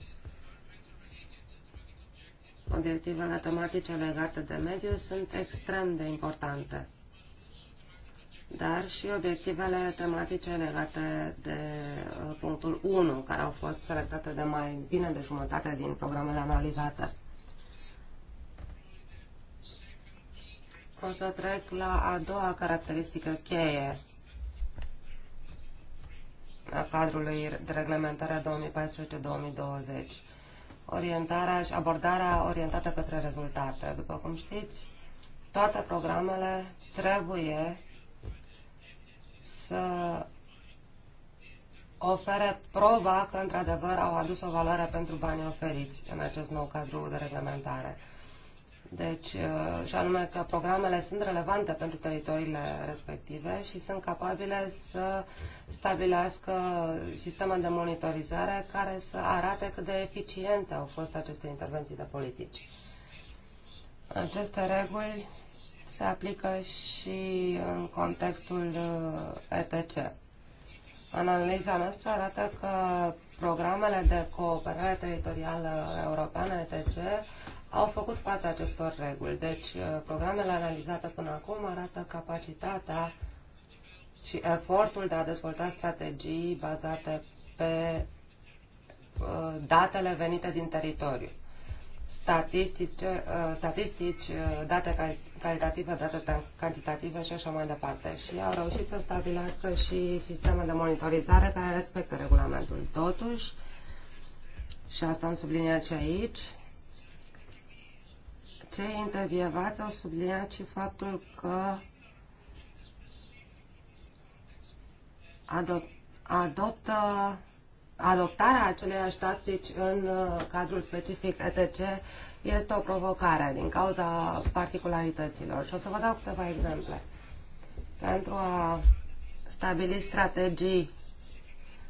obiectivele tematice legate de mediu sunt extrem de importante, dar și obiectivele tematice legate de uh, punctul 1, care au fost selectate de mai bine de jumătate din programele analizate. O să trec la a doua caracteristică cheie cadrului de reglementare 2014-2020. Orientarea și abordarea orientată către rezultate. După cum știți, toate programele trebuie să ofere proba că într-adevăr au adus o valoare pentru banii oferiți în acest nou cadru de reglementare. Deci, uh, și anume că programele sunt relevante pentru teritoriile respective și sunt capabile să stabilească sisteme de monitorizare care să arate cât de eficiente au fost aceste intervenții de politici. Aceste reguli se aplică și în contextul uh, ETC. Analiza noastră arată că programele de cooperare teritorială europeană ETC au făcut față acestor reguli. Deci, uh, programele analizate până acum arată capacitatea și efortul de a dezvolta strategii bazate pe uh, datele venite din teritoriu. Uh, statistici, statistici date calitative, date cantitative și așa mai departe. Și au reușit să stabilească și sisteme de monitorizare care respectă regulamentul. Totuși, și asta am subliniat și aici, cei intervievați au subliniat și faptul că adop adoptă adoptarea aceleiași tactici în uh, cadrul specific ETC este o provocare din cauza particularităților. Și o să vă dau câteva exemple. Pentru a stabili strategii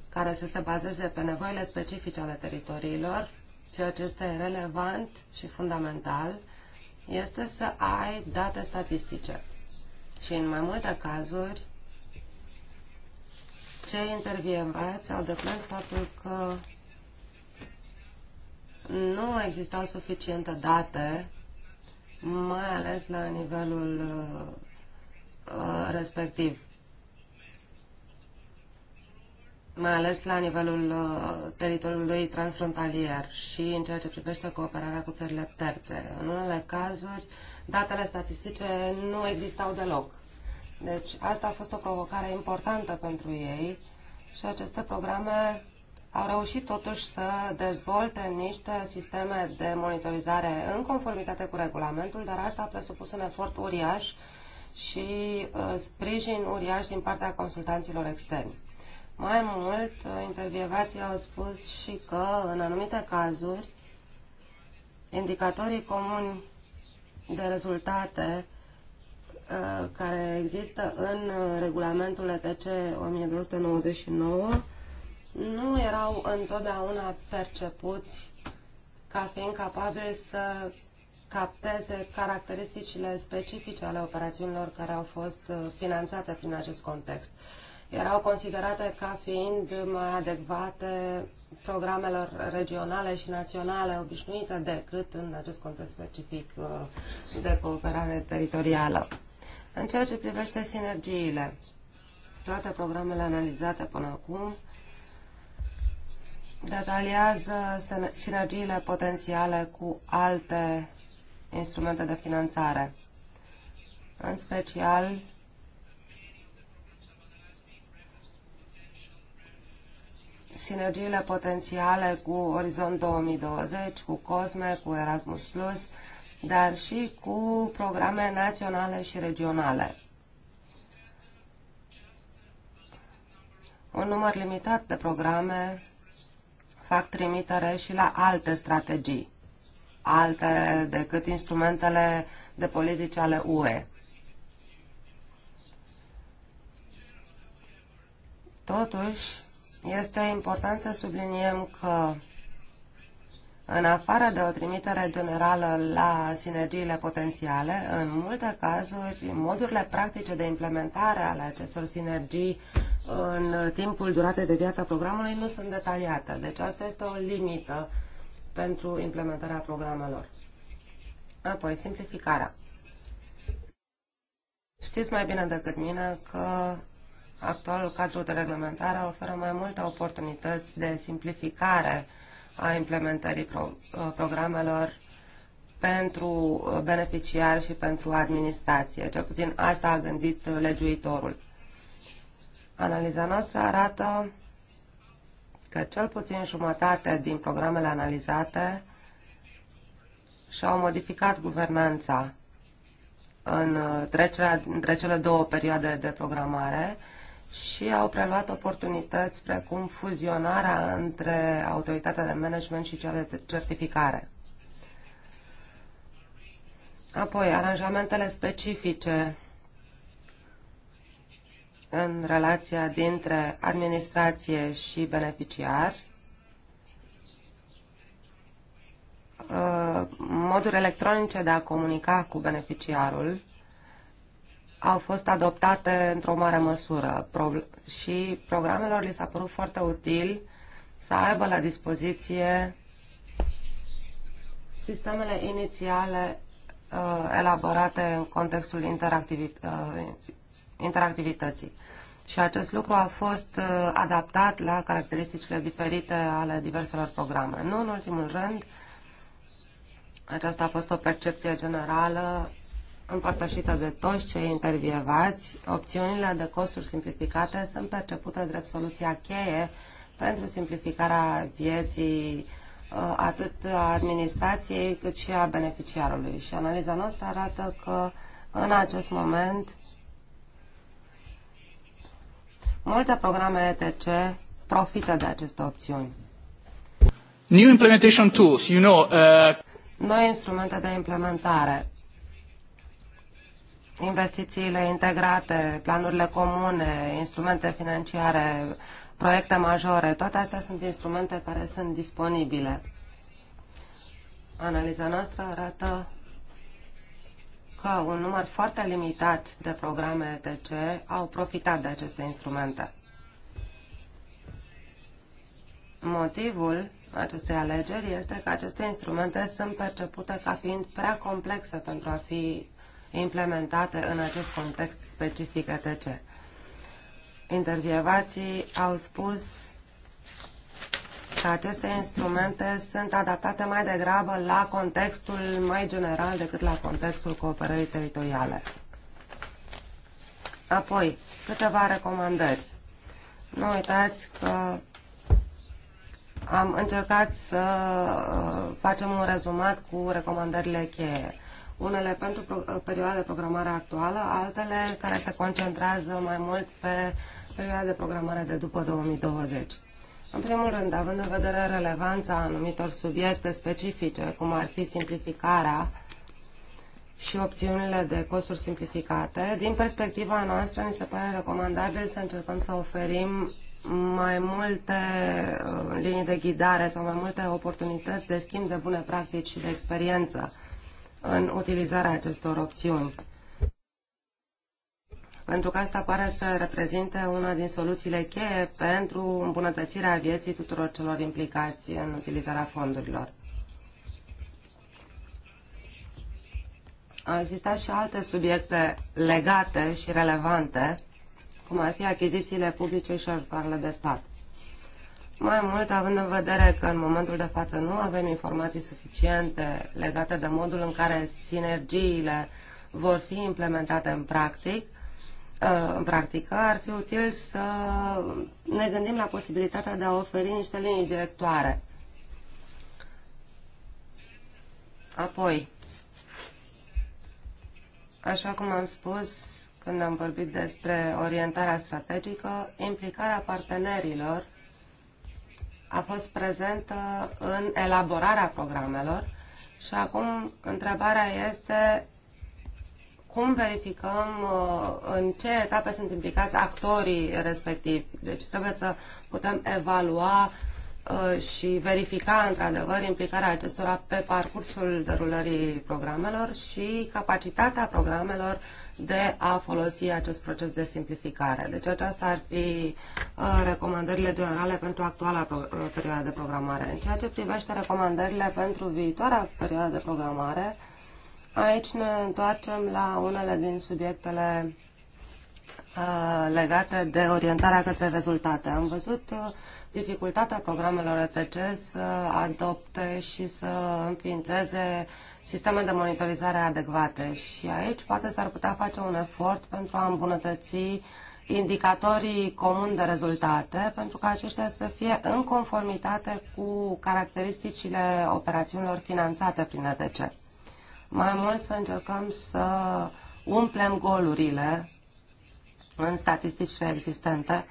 care să se bazeze pe nevoile specifice ale teritoriilor, ceea ce este relevant și fundamental este să ai date statistice. Și în mai multe cazuri, cei intervievați au deplâns faptul că nu existau suficiente date, mai ales la nivelul uh, respectiv. mai ales la nivelul uh, teritoriului transfrontalier și în ceea ce privește cooperarea cu țările terțe. În unele cazuri, datele statistice nu existau deloc. Deci asta a fost o provocare importantă pentru ei și aceste programe au reușit totuși să dezvolte niște sisteme de monitorizare în conformitate cu regulamentul, dar asta a presupus un efort uriaș și uh, sprijin uriaș din partea consultanților externi. Mai mult, intervievații au spus și că, în anumite cazuri, indicatorii comuni de rezultate uh, care există în regulamentul ETC 1299 nu erau întotdeauna percepuți ca fiind capabili să capteze caracteristicile specifice ale operațiunilor care au fost uh, finanțate prin acest context erau considerate ca fiind mai adecvate programelor regionale și naționale obișnuite decât în acest context specific uh, de cooperare teritorială. În ceea ce privește sinergiile, toate programele analizate până acum detaliază sinergiile potențiale cu alte instrumente de finanțare, în special sinergiile potențiale cu Orizont 2020, cu COSME, cu Erasmus+, dar și cu programe naționale și regionale. Un număr limitat de programe fac trimitere și la alte strategii, alte decât instrumentele de politici ale UE. Totuși, este important să subliniem că în afară de o trimitere generală la sinergiile potențiale, în multe cazuri, modurile practice de implementare ale acestor sinergii în timpul duratei de viață a programului nu sunt detaliate. Deci asta este o limită pentru implementarea programelor. Apoi, simplificarea. Știți mai bine decât mine că actualul cadru de reglementare oferă mai multe oportunități de simplificare a implementării pro uh, programelor pentru uh, beneficiari și pentru administrație. Cel puțin asta a gândit uh, legiuitorul. Analiza noastră arată că cel puțin jumătate din programele analizate și-au modificat guvernanța în trecerea între cele două perioade de programare și au preluat oportunități precum fuzionarea între autoritatea de management și cea de certificare. Apoi, aranjamentele specifice în relația dintre administrație și beneficiar, uh, moduri electronice de a comunica cu beneficiarul, au fost adoptate într-o mare măsură și programelor li s-a părut foarte util să aibă la dispoziție sistemele inițiale uh, elaborate în contextul interactivit uh, interactivității. Și acest lucru a fost uh, adaptat la caracteristicile diferite ale diverselor programe. Nu în ultimul rând, aceasta a fost o percepție generală împărtășită de toți cei intervievați, opțiunile de costuri simplificate sunt percepute drept soluția cheie pentru simplificarea vieții uh, atât a administrației cât și a beneficiarului. Și analiza noastră arată că în acest moment multe programe ETC profită de aceste opțiuni. New implementation tools, you know, uh... Noi instrumente de implementare investițiile integrate, planurile comune, instrumente financiare, proiecte majore, toate astea sunt instrumente care sunt disponibile. Analiza noastră arată că un număr foarte limitat de programe ETC au profitat de aceste instrumente. Motivul acestei alegeri este că aceste instrumente sunt percepute ca fiind prea complexe pentru a fi implementate în acest context specific ETC. Intervievații au spus că aceste instrumente sunt adaptate mai degrabă la contextul mai general decât la contextul cooperării teritoriale. Apoi, câteva recomandări. Nu uitați că am încercat să uh, facem un rezumat cu recomandările cheie unele pentru pro uh, perioada de programare actuală, altele care se concentrează mai mult pe perioada de programare de după 2020. În primul rând, având în vedere relevanța anumitor subiecte specifice, cum ar fi simplificarea și opțiunile de costuri simplificate, din perspectiva noastră, ni se pare recomandabil să încercăm să oferim mai multe uh, linii de ghidare sau mai multe oportunități de schimb de bune practici și de experiență în utilizarea acestor opțiuni. Pentru că asta pare să reprezinte una din soluțiile cheie pentru îmbunătățirea vieții tuturor celor implicați în utilizarea fondurilor. Au existat și alte subiecte legate și relevante, cum ar fi achizițiile publice și ajutoarele de stat. Mai mult, având în vedere că în momentul de față nu avem informații suficiente legate de modul în care sinergiile vor fi implementate în practic, uh, în practică, ar fi util să ne gândim la posibilitatea de a oferi niște linii directoare. Apoi, așa cum am spus când am vorbit despre orientarea strategică, implicarea partenerilor a fost prezentă în elaborarea programelor și acum întrebarea este cum verificăm uh, în ce etape sunt implicați actorii respectivi. Deci trebuie să putem evalua Uh, și verifica într-adevăr implicarea acestora pe parcursul derulării programelor și capacitatea programelor de a folosi acest proces de simplificare. Deci aceasta ar fi uh, recomandările generale pentru actuala uh, perioadă de programare. În ceea ce privește recomandările pentru viitoarea perioadă de programare, aici ne întoarcem la unele din subiectele Uh, legate de orientarea către rezultate. Am văzut uh, dificultatea programelor ETC să adopte și să înființeze sisteme de monitorizare adecvate și aici poate s-ar putea face un efort pentru a îmbunătăți indicatorii comuni de rezultate pentru ca aceștia să fie în conformitate cu caracteristicile operațiunilor finanțate prin ETC. Mai mult să încercăm să umplem golurile în statisticile existente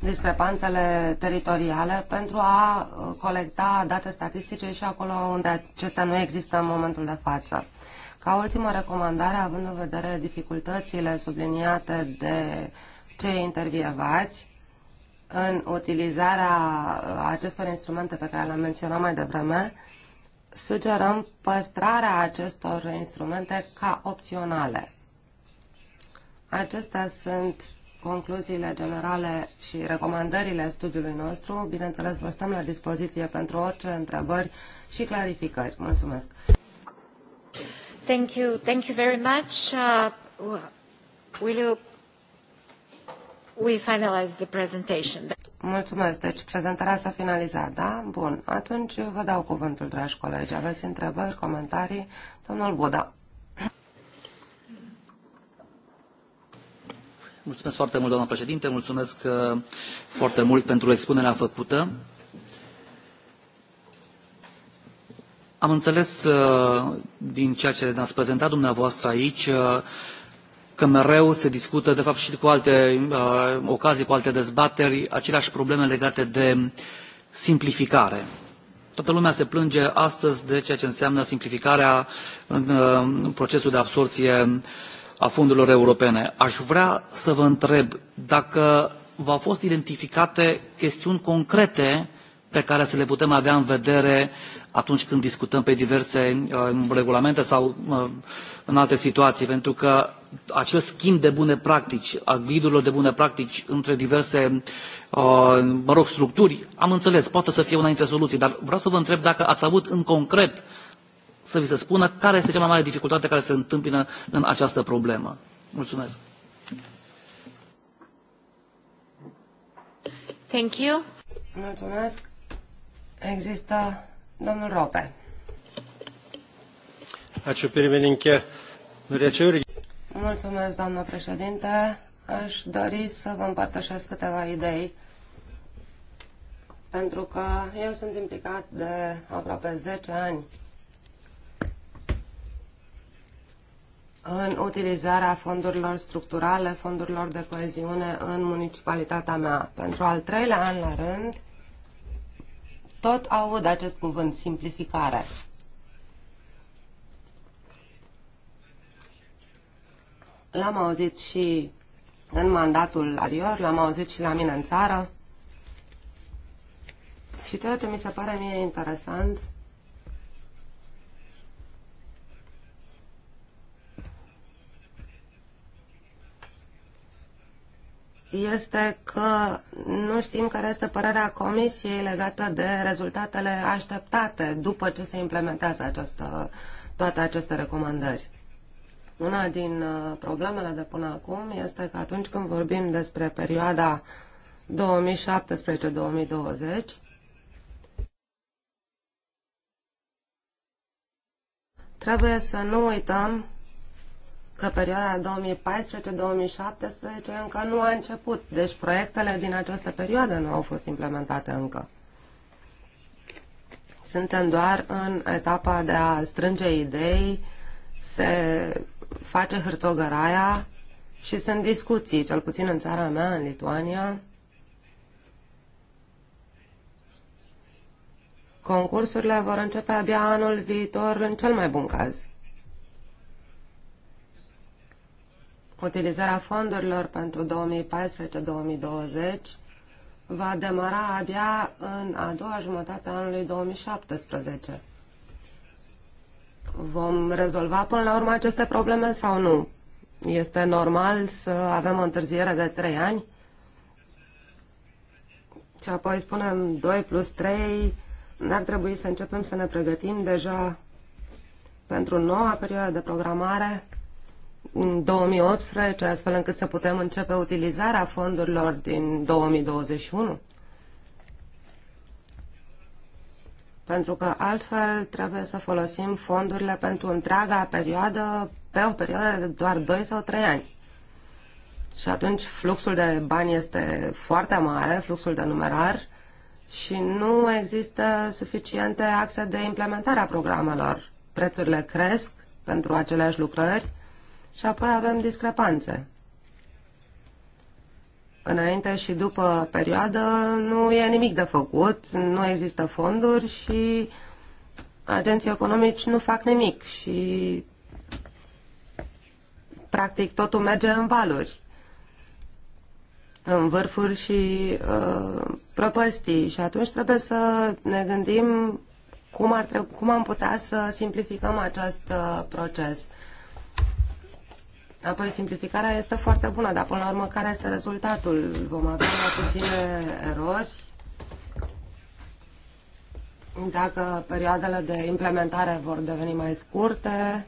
discrepanțele teritoriale pentru a uh, colecta date statistice și acolo unde acestea nu există în momentul de față. Ca ultimă recomandare, având în vedere dificultățile subliniate de cei intervievați în utilizarea uh, acestor instrumente pe care le-am menționat mai devreme, sugerăm păstrarea acestor instrumente ca opționale Acestea sunt concluziile generale și recomandările studiului nostru. Bineînțeles, vă stăm la dispoziție pentru orice întrebări și clarificări. Mulțumesc! Thank you. Thank you very much. Uh, will you... We finalize the presentation. Mulțumesc. Deci prezentarea s-a finalizat, da? Bun. Atunci vă dau cuvântul, dragi colegi. Aveți întrebări, comentarii? Domnul Buda. Mulțumesc foarte mult, doamnă președinte. Mulțumesc uh, foarte mult pentru expunerea făcută. Am înțeles uh, din ceea ce ne-ați prezentat dumneavoastră aici uh, că mereu se discută, de fapt și cu alte ocazii, cu alte dezbateri, aceleași probleme legate de simplificare. Toată lumea se plânge astăzi de ceea ce înseamnă simplificarea în procesul de absorție a fondurilor europene. Aș vrea să vă întreb dacă v-au fost identificate chestiuni concrete pe care să le putem avea în vedere atunci când discutăm pe diverse uh, regulamente sau uh, în alte situații, pentru că acest schimb de bune practici, a ghidurilor de bune practici între diverse, uh, mă rog, structuri, am înțeles, poate să fie una dintre soluții, dar vreau să vă întreb dacă ați avut în concret uh, să vi se spună care este cea mai mare dificultate care se întâmpină în această problemă. Mulțumesc! Thank you. Mulțumesc. Există domnul Rope. Ačiū pirmininkė. Norėčiau irgi. Mulțumesc, doamnă președinte. Aș dori să vă împărtășesc câteva idei, pentru că eu sunt implicat de aproape 10 ani în utilizarea fondurilor structurale, fondurilor de coeziune în municipalitatea mea. Pentru al treilea an la rând, tot aud acest cuvânt, simplificare. L-am auzit și în mandatul arior, l-am auzit și la mine în țară. Și ceea ce mi se pare mie interesant este că nu știm care este părerea Comisiei legată de rezultatele așteptate după ce se implementează această, toate aceste recomandări. Una din uh, problemele de până acum este că atunci când vorbim despre perioada 2017-2020, trebuie să nu uităm că perioada 2014-2017 încă nu a început, deci proiectele din această perioadă nu au fost implementate încă. Suntem doar în etapa de a strânge idei, se face hârțogăraia și sunt discuții, cel puțin în țara mea, în Lituania, Concursurile vor începe abia anul viitor, în cel mai bun caz. Utilizarea fondurilor pentru 2014-2020 va demara abia în a doua jumătate a anului 2017. Vom rezolva până la urmă aceste probleme sau nu? Este normal să avem o întârziere de 3 ani? Și apoi spunem 2 plus 3, ar trebui să începem să ne pregătim deja pentru noua perioadă de programare în 2018, astfel încât să putem începe utilizarea fondurilor din 2021? Pentru că altfel trebuie să folosim fondurile pentru întreaga perioadă, pe o perioadă de doar 2 sau 3 ani. Și atunci fluxul de bani este foarte mare, fluxul de numerar, și nu există suficiente axe de implementare a programelor. Prețurile cresc pentru aceleași lucrări și apoi avem discrepanțe. Înainte și după perioadă nu e nimic de făcut, nu există fonduri și agenții economici nu fac nimic și practic totul merge în valuri, în vârfuri și uh, prăpăstii și atunci trebuie să ne gândim cum, ar cum am putea să simplificăm acest uh, proces. Apoi, simplificarea este foarte bună, dar până la urmă, care este rezultatul? Vom avea mai puține erori dacă perioadele de implementare vor deveni mai scurte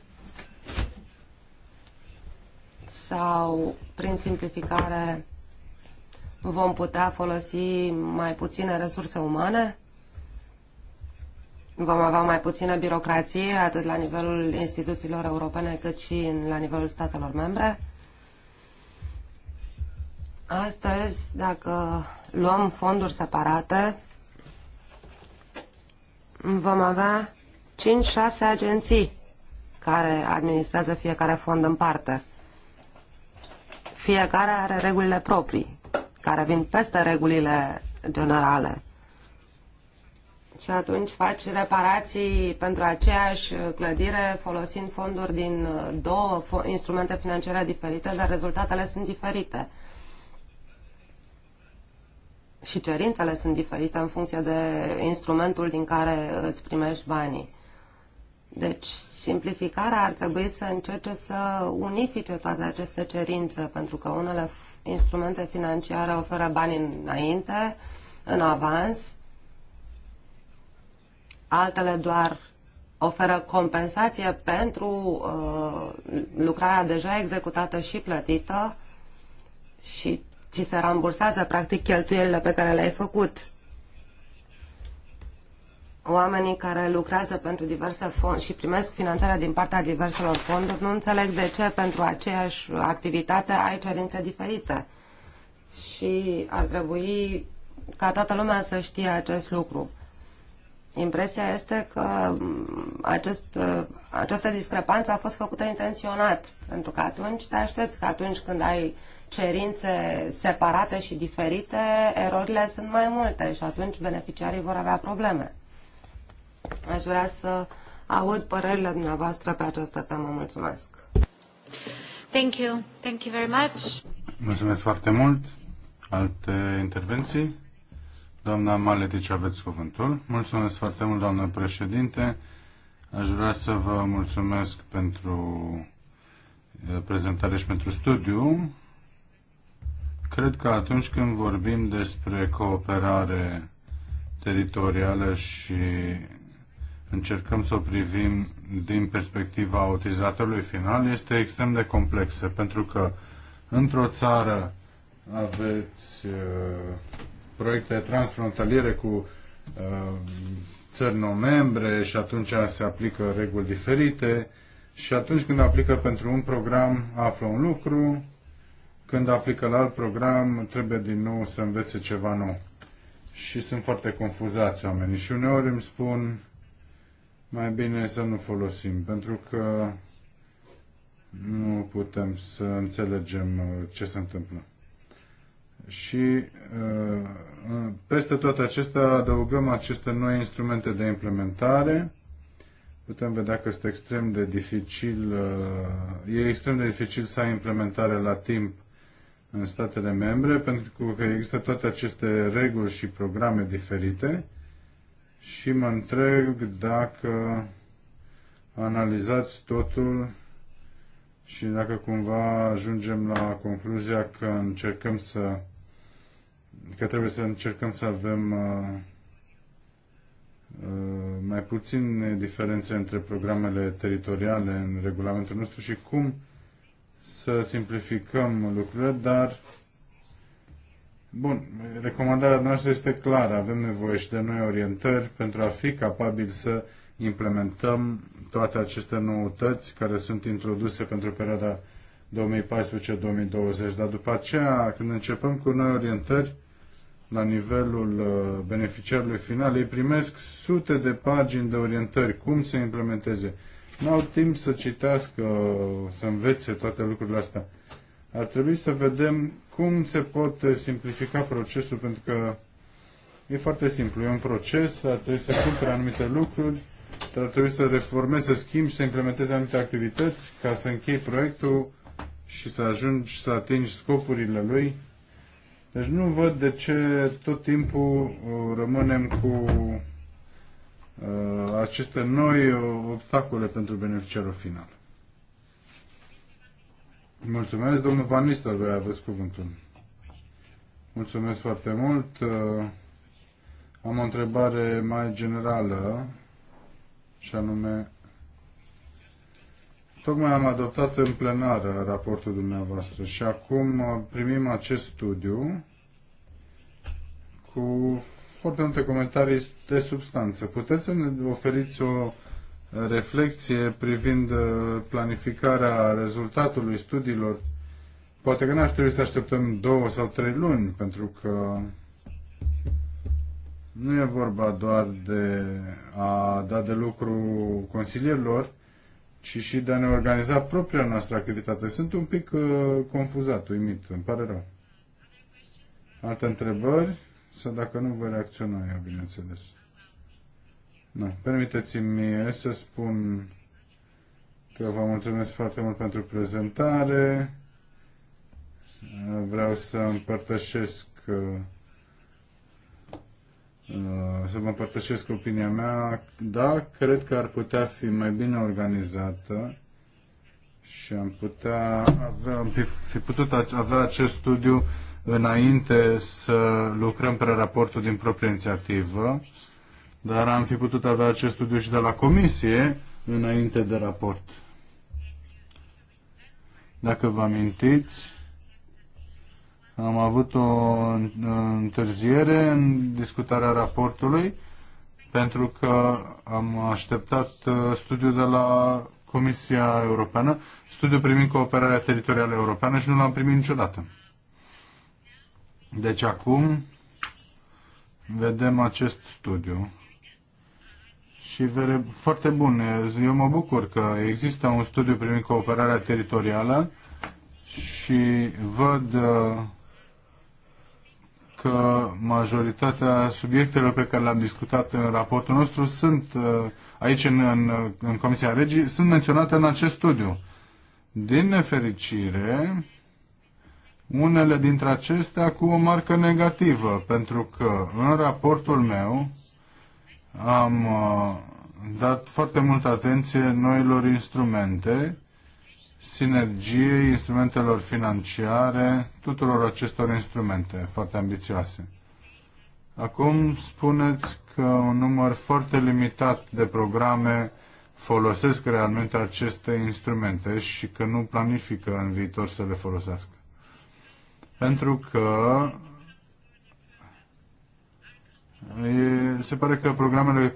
sau prin simplificare vom putea folosi mai puține resurse umane? vom avea mai puțină birocrație, atât la nivelul instituțiilor europene, cât și la nivelul statelor membre. Astăzi, dacă luăm fonduri separate, vom avea 5-6 agenții care administrează fiecare fond în parte. Fiecare are regulile proprii, care vin peste regulile generale și atunci faci reparații pentru aceeași clădire folosind fonduri din uh, două instrumente financiare diferite, dar rezultatele sunt diferite. Și cerințele sunt diferite în funcție de instrumentul din care uh, îți primești banii. Deci simplificarea ar trebui să încerce să unifice toate aceste cerințe, pentru că unele instrumente financiare oferă bani înainte, în avans, altele doar oferă compensație pentru uh, lucrarea deja executată și plătită și ți se rambursează practic cheltuielile pe care le-ai făcut. Oamenii care lucrează pentru diverse fonduri și primesc finanțarea din partea diverselor fonduri nu înțeleg de ce pentru aceeași activitate ai cerințe diferite. Și ar trebui ca toată lumea să știe acest lucru. Impresia este că mm, acest, uh, această discrepanță a fost făcută intenționat, pentru că atunci te aștepți că atunci când ai cerințe separate și diferite, erorile sunt mai multe și atunci beneficiarii vor avea probleme. Aș vrea să aud părerile dumneavoastră pe această temă. Mulțumesc! Thank you. Thank you very much. Mulțumesc foarte mult. Alte intervenții? Doamna Maletici, aveți cuvântul. Mulțumesc foarte mult, doamnă președinte. Aș vrea să vă mulțumesc pentru eh, prezentare și pentru studiu. Cred că atunci când vorbim despre cooperare teritorială și încercăm să o privim din perspectiva utilizatorului final, este extrem de complexă, pentru că într-o țară aveți eh, proiecte transfrontaliere cu uh, țări non-membre și atunci se aplică reguli diferite și atunci când aplică pentru un program află un lucru, când aplică la alt program trebuie din nou să învețe ceva nou. Și sunt foarte confuzați oamenii și uneori îmi spun mai bine să nu folosim, pentru că nu putem să înțelegem uh, ce se întâmplă și uh, peste toate acestea adăugăm aceste noi instrumente de implementare. Putem vedea că este extrem de dificil, uh, e extrem de dificil să ai implementare la timp în statele membre, pentru că există toate aceste reguli și programe diferite și mă întreb dacă analizați totul și dacă cumva ajungem la concluzia că încercăm să că trebuie să încercăm să avem uh, uh, mai puțin diferențe între programele teritoriale în regulamentul nostru și cum să simplificăm lucrurile, dar Bun, recomandarea noastră este clară. Avem nevoie și de noi orientări pentru a fi capabili să implementăm toate aceste noutăți care sunt introduse pentru perioada 2014-2020. Dar după aceea, când începem cu noi orientări, la nivelul uh, beneficiarului final, ei primesc sute de pagini de orientări, cum să implementeze. Nu au timp să citească, uh, să învețe toate lucrurile astea. Ar trebui să vedem cum se poate simplifica procesul, pentru că e foarte simplu. E un proces, ar trebui să cumpere anumite lucruri, ar trebui să reformeze, să schimbi, să implementeze anumite activități ca să închei proiectul și să ajungi să atingi scopurile lui deci nu văd de ce tot timpul uh, rămânem cu uh, aceste noi uh, obstacole pentru beneficiarul final. Mulțumesc, domnul Van Nistelrooy, aveți cuvântul. Mulțumesc foarte mult. Am o întrebare mai generală și anume Tocmai am adoptat în plenară raportul dumneavoastră și acum uh, primim acest studiu cu foarte multe comentarii de substanță. Puteți să ne oferiți o reflexie privind uh, planificarea rezultatului studiilor? Poate că n-ar trebui să așteptăm două sau trei luni, pentru că nu e vorba doar de a da de lucru consilierilor, ci și de a ne organiza propria noastră activitate. Sunt un pic uh, confuzat, uimit, îmi pare rău. Alte întrebări? Sau dacă nu, voi reacționa eu, bineînțeles. Da. Permiteți-mi mie să spun că vă mulțumesc foarte mult pentru prezentare. Vreau să împărtășesc uh, Uh, să vă împărtășesc opinia mea. Da, cred că ar putea fi mai bine organizată și am putea avea, am fi, fi putut avea acest studiu înainte să lucrăm pe raportul din proprie inițiativă, dar am fi putut avea acest studiu și de la comisie înainte de raport. Dacă vă amintiți, am avut o întârziere în discutarea raportului pentru că am așteptat uh, studiul de la Comisia Europeană, studiul primind cooperarea teritorială europeană și nu l-am primit niciodată. Deci acum vedem acest studiu și vere, foarte bun. Eu mă bucur că există un studiu primind cooperarea teritorială și văd uh, că majoritatea subiectelor pe care le-am discutat în raportul nostru sunt uh, aici în, în, în Comisia Regii, sunt menționate în acest studiu. Din nefericire, unele dintre acestea cu o marcă negativă, pentru că în raportul meu am uh, dat foarte multă atenție noilor instrumente sinergiei instrumentelor financiare, tuturor acestor instrumente foarte ambițioase. Acum spuneți că un număr foarte limitat de programe folosesc realmente aceste instrumente și că nu planifică în viitor să le folosească. Pentru că se pare că programele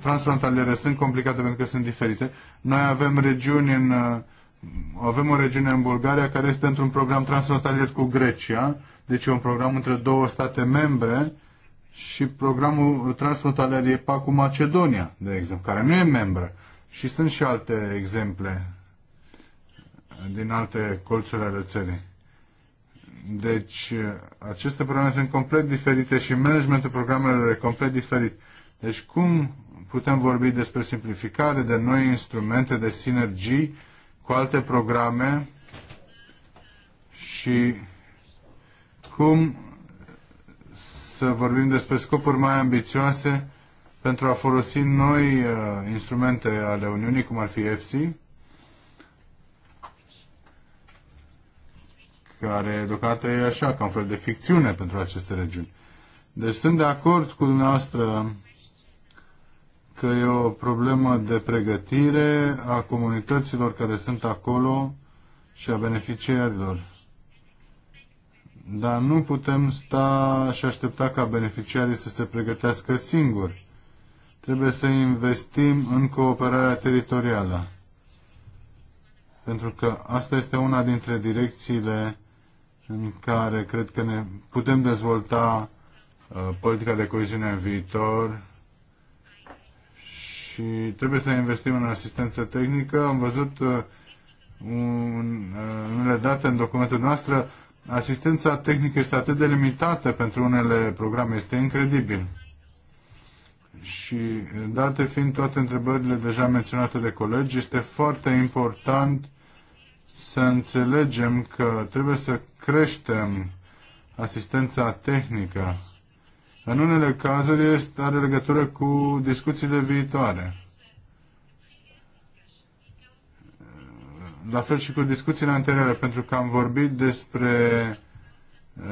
transfrontaliere sunt complicate pentru că sunt diferite. Noi avem regiuni în avem o regiune în Bulgaria care este într-un program transfrontalier cu Grecia, deci e un program între două state membre și programul transfrontalier e PAC cu Macedonia, de exemplu, care nu e membră. Și sunt și alte exemple din alte colțuri ale țării. Deci, aceste programe sunt complet diferite și managementul programelor e complet diferit. Deci, cum putem vorbi despre simplificare, de noi instrumente, de sinergii, cu alte programe și cum să vorbim despre scopuri mai ambițioase pentru a folosi noi uh, instrumente ale Uniunii, cum ar fi FC, care deocamdată e așa, ca un fel de ficțiune pentru aceste regiuni. Deci sunt de acord cu dumneavoastră că e o problemă de pregătire a comunităților care sunt acolo și a beneficiarilor. Dar nu putem sta și aștepta ca beneficiarii să se pregătească singuri. Trebuie să investim în cooperarea teritorială. Pentru că asta este una dintre direcțiile în care cred că ne putem dezvolta uh, politica de coeziune în viitor, și trebuie să investim în asistență tehnică. Am văzut uh, un, uh, unele date în documentul noastră. Asistența tehnică este atât de limitată pentru unele programe, este incredibil. Și, uh, date fiind toate întrebările deja menționate de colegi, este foarte important să înțelegem că trebuie să creștem asistența tehnică în unele cazuri este, are legătură cu discuțiile viitoare. La fel și cu discuțiile anterioare, pentru că am vorbit despre uh,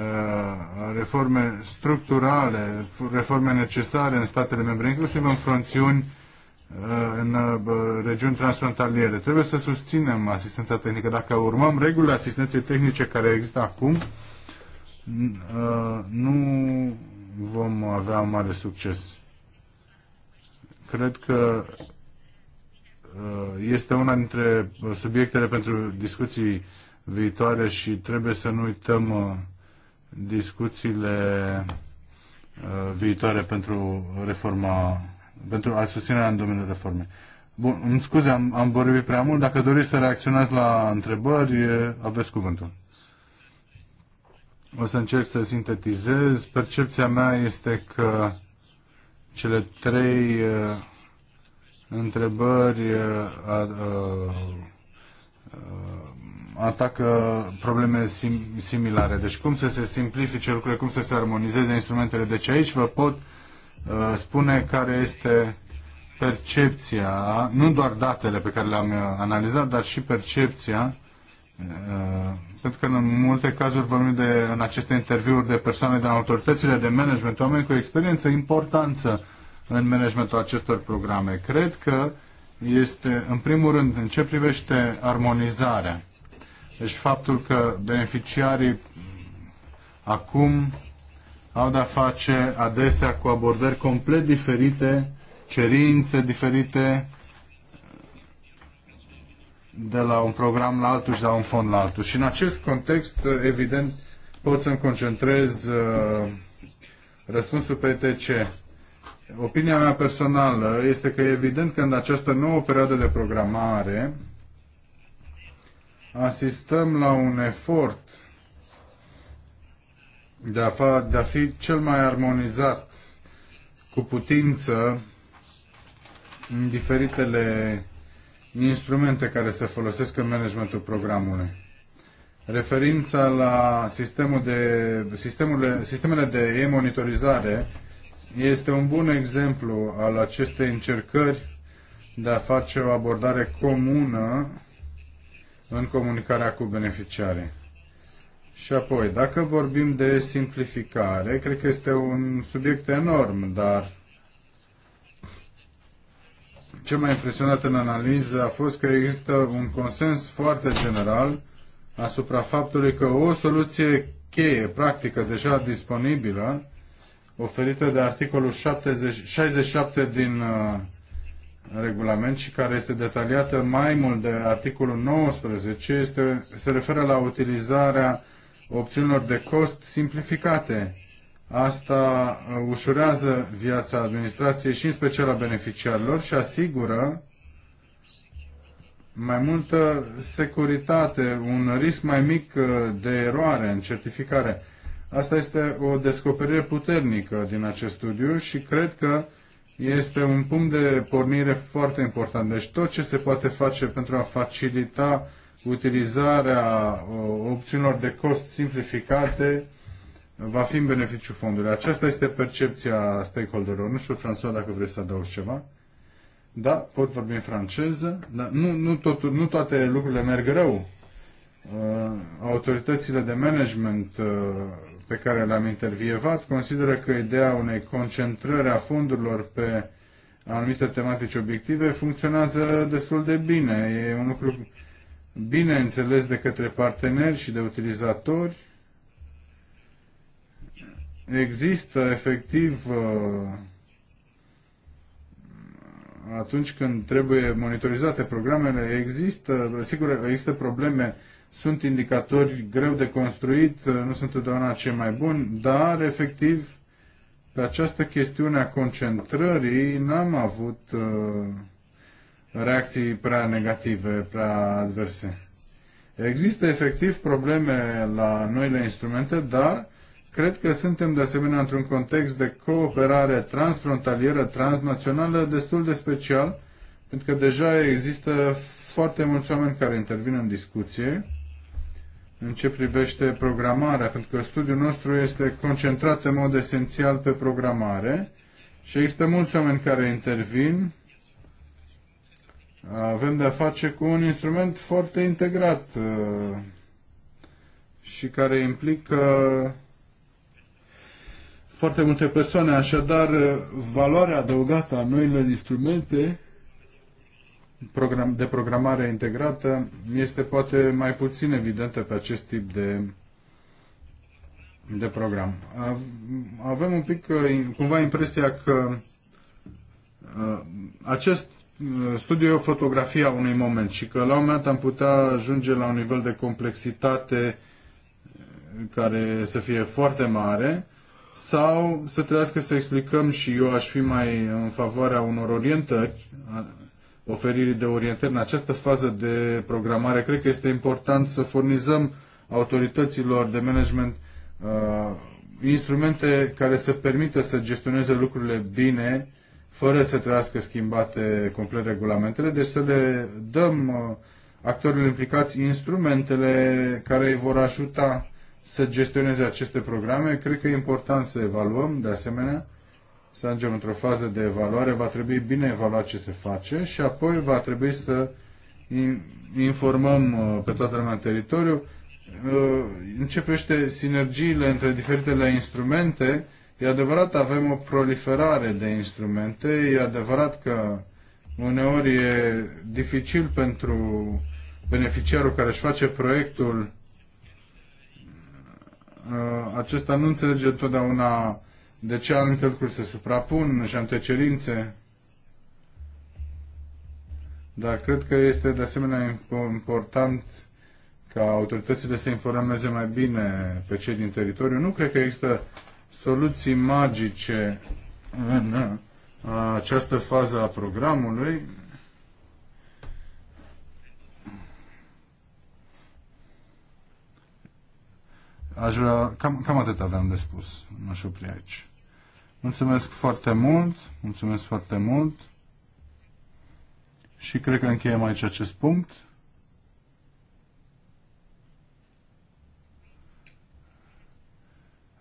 reforme structurale, reforme necesare în statele membre, inclusiv în fronțiuni, uh, în uh, regiuni transfrontaliere. Trebuie să susținem asistența tehnică. Dacă urmăm regulile asistenței tehnice care există acum, nu vom avea mare succes. Cred că uh, este una dintre subiectele pentru discuții viitoare și trebuie să nu uităm uh, discuțiile uh, viitoare pentru reforma, pentru a susținerea în domeniul reformei. Bun, îmi scuze, am, am vorbit prea mult. Dacă doriți să reacționați la întrebări, aveți cuvântul. O să încerc să sintetizez. Percepția mea este că cele trei uh, întrebări uh, uh, atacă probleme sim- similare. Deci cum să se simplifice lucrurile, cum să se armonizeze instrumentele. Deci aici vă pot uh, spune care este percepția, nu doar datele pe care le-am analizat, dar și percepția Uh, pentru că în multe cazuri vorbim de, în aceste interviuri de persoane din autoritățile de management, oameni cu experiență importanță în managementul acestor programe. Cred că este, în primul rând, în ce privește armonizarea. Deci faptul că beneficiarii acum au de-a face adesea cu abordări complet diferite, cerințe diferite, de la un program la altul și de la un fond la altul. Și în acest context, evident, pot să-mi concentrez uh, răspunsul pe ETC. Opinia mea personală este că evident că în această nouă perioadă de programare asistăm la un efort de a, fa- de a fi cel mai armonizat cu putință în diferitele instrumente care se folosesc în managementul programului. Referința la sistemul de, sistemurile, sistemele de e-monitorizare este un bun exemplu al acestei încercări de a face o abordare comună în comunicarea cu beneficiarii. Și apoi, dacă vorbim de simplificare, cred că este un subiect enorm, dar ce m-a impresionat în analiză a fost că există un consens foarte general asupra faptului că o soluție cheie, practică, deja disponibilă, oferită de articolul 70, 67 din uh, regulament și care este detaliată mai mult de articolul 19, este, se referă la utilizarea opțiunilor de cost simplificate Asta uh, ușurează viața administrației și în special a beneficiarilor și asigură mai multă securitate, un risc mai mic uh, de eroare în certificare. Asta este o descoperire puternică din acest studiu și cred că este un punct de pornire foarte important. Deci tot ce se poate face pentru a facilita utilizarea uh, opțiunilor de cost simplificate va fi în beneficiu fondului. Aceasta este percepția stakeholderilor. Nu știu, François, dacă vrei să adaugi ceva. Da, pot vorbi în franceză, dar nu, nu, tot, nu toate lucrurile merg rău. Uh, autoritățile de management uh, pe care le-am intervievat consideră că ideea unei concentrări a fondurilor pe anumite tematici obiective funcționează destul de bine. E un lucru bine înțeles de către parteneri și de utilizatori există efectiv uh, atunci când trebuie monitorizate programele, există, sigur, există probleme, sunt indicatori greu de construit, uh, nu sunt întotdeauna cei mai buni, dar efectiv pe această chestiune a concentrării n-am avut uh, reacții prea negative, prea adverse. Există efectiv probleme la noile instrumente, dar Cred că suntem de asemenea într-un context de cooperare transfrontalieră, transnațională, destul de special, pentru că deja există foarte mulți oameni care intervin în discuție în ce privește programarea, pentru că studiul nostru este concentrat în mod esențial pe programare și există mulți oameni care intervin. Avem de-a face cu un instrument foarte integrat uh, și care implică foarte multe persoane. Așadar, eh, valoarea adăugată a noilor instrumente de programare integrată este poate mai puțin evidentă pe acest tip de, de program. Avem un pic, eh, cumva, impresia că eh, acest studiu e o fotografie a unui moment și că la un moment am putea ajunge la un nivel de complexitate care să fie foarte mare sau să trăiască să explicăm și eu aș fi mai în favoarea unor orientări, oferirii de orientări în această fază de programare. Cred că este important să furnizăm autorităților de management uh, instrumente care să permită să gestioneze lucrurile bine, fără să trăiască schimbate complet regulamentele, deci să le dăm uh, actorilor implicați instrumentele care îi vor ajuta să gestioneze aceste programe. Cred că e important să evaluăm, de asemenea, să ajungem într-o fază de evaluare. Va trebui bine evaluat ce se face și apoi va trebui să informăm uh, pe toată lumea în teritoriu. Uh, începește sinergiile între diferitele instrumente. E adevărat, avem o proliferare de instrumente. E adevărat că uneori e dificil pentru beneficiarul care își face proiectul Uh, acesta nu înțelege totdeauna de ce anumite lucruri se suprapun și anumite cerințe, dar cred că este de asemenea important ca autoritățile să informeze mai bine pe cei din teritoriu. Nu cred că există soluții magice în uh, această fază a programului. Aș vrea, cam, cam atât aveam de spus. mă aș opri aici. Mulțumesc foarte mult, mulțumesc foarte mult și cred că încheiem aici acest punct.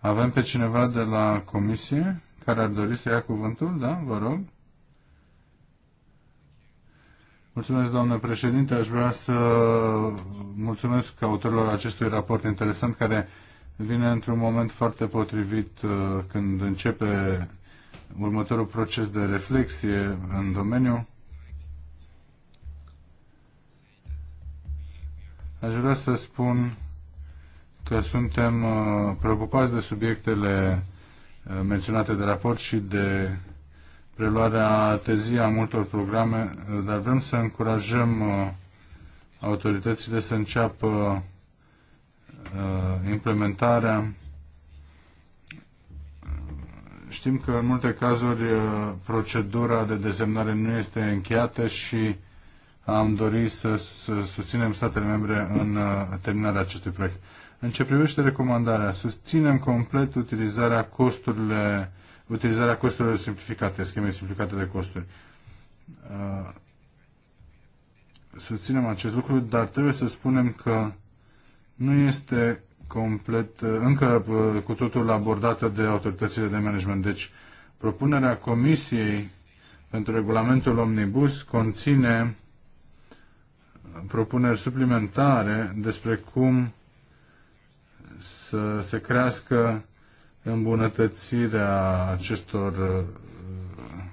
Avem pe cineva de la comisie care ar dori să ia cuvântul, da? Vă rog. Mulțumesc, doamnă președinte. Aș vrea să mulțumesc autorilor acestui raport interesant care vine într-un moment foarte potrivit uh, când începe următorul proces de reflexie în domeniu. Aș vrea să spun că suntem uh, preocupați de subiectele uh, menționate de raport și de preluarea târzie a multor programe, dar vrem să încurajăm uh, autoritățile să înceapă uh, implementarea. Știm că în multe cazuri uh, procedura de desemnare nu este încheiată și am dorit să, să susținem statele membre în terminarea acestui proiect. În ce privește recomandarea, susținem complet utilizarea costurile utilizarea costurilor simplificate, scheme simplificate de costuri. Uh, susținem acest lucru, dar trebuie să spunem că nu este complet, uh, încă uh, cu totul abordată de autoritățile de management. Deci, propunerea Comisiei pentru regulamentul Omnibus conține propuneri suplimentare despre cum să se crească îmbunătățirea acestor uh,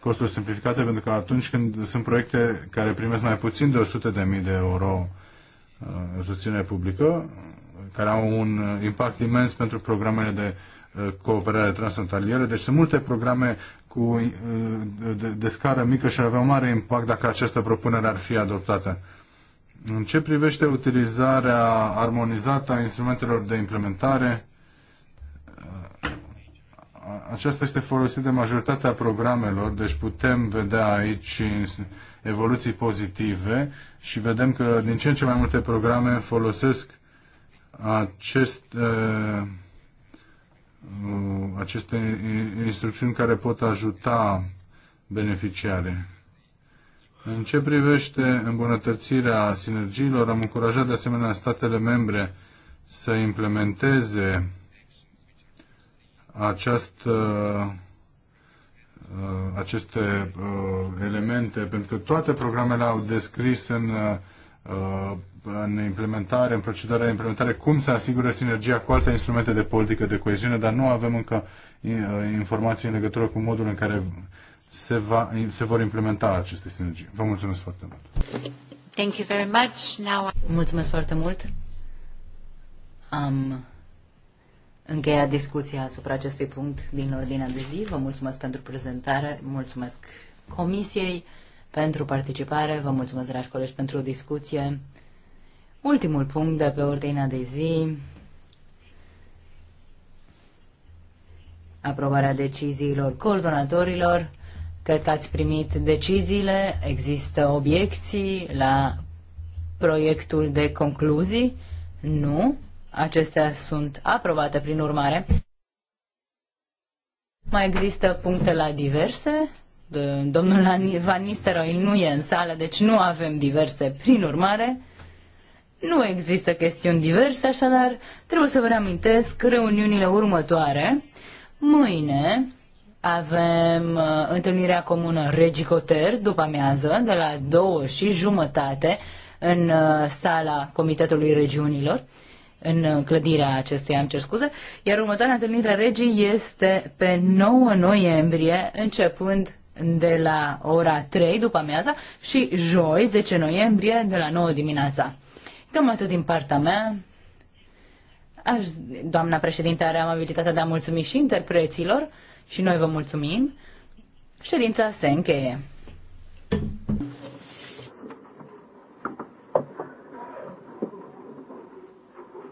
costuri simplificate, pentru că atunci când sunt proiecte care primesc mai puțin de 100.000 de euro uh, susținere publică, care au un impact imens pentru programele de uh, cooperare transfrontalieră. Deci sunt multe programe cu, de, de scară mică și ar avea un mare impact dacă această propunere ar fi adoptată. În ce privește utilizarea armonizată a instrumentelor de implementare, aceasta este folosită de majoritatea programelor, deci putem vedea aici evoluții pozitive și vedem că din ce în ce mai multe programe folosesc acest, uh, aceste instrucțiuni care pot ajuta beneficiare. În ce privește îmbunătățirea sinergiilor, am încurajat de asemenea statele membre să implementeze această uh, aceste uh, elemente, pentru că toate programele au descris în, uh, în implementare, în procedura de implementare, cum se asigură sinergia cu alte instrumente de politică de coeziune, dar nu avem încă informații în legătură cu modul în care se, va, se vor implementa aceste sinergii. Vă mulțumesc foarte mult! Thank you very much. Now... Mulțumesc foarte mult! Am încheia discuția asupra acestui punct din ordinea de zi. Vă mulțumesc pentru prezentare, mulțumesc comisiei pentru participare, vă mulțumesc, dragi colegi, pentru discuție. Ultimul punct de pe ordinea de zi, aprobarea deciziilor coordonatorilor. Cred că ați primit deciziile, există obiecții la proiectul de concluzii? Nu. Acestea sunt aprobate prin urmare. Mai există puncte la diverse. Domnul Van Nistelrooy nu e în sală, deci nu avem diverse prin urmare. Nu există chestiuni diverse, așadar trebuie să vă reamintesc reuniunile următoare. Mâine avem uh, întâlnirea comună Regicoter după amiază de la două și jumătate în uh, sala Comitetului Regiunilor în clădirea acestuia, am cer scuze, iar următoarea întâlnire a regii este pe 9 noiembrie, începând de la ora 3 după amiaza și joi, 10 noiembrie, de la 9 dimineața. Cam atât din partea mea. Aș, doamna președinte are amabilitatea de a mulțumi și interpreților și noi vă mulțumim. Ședința se încheie.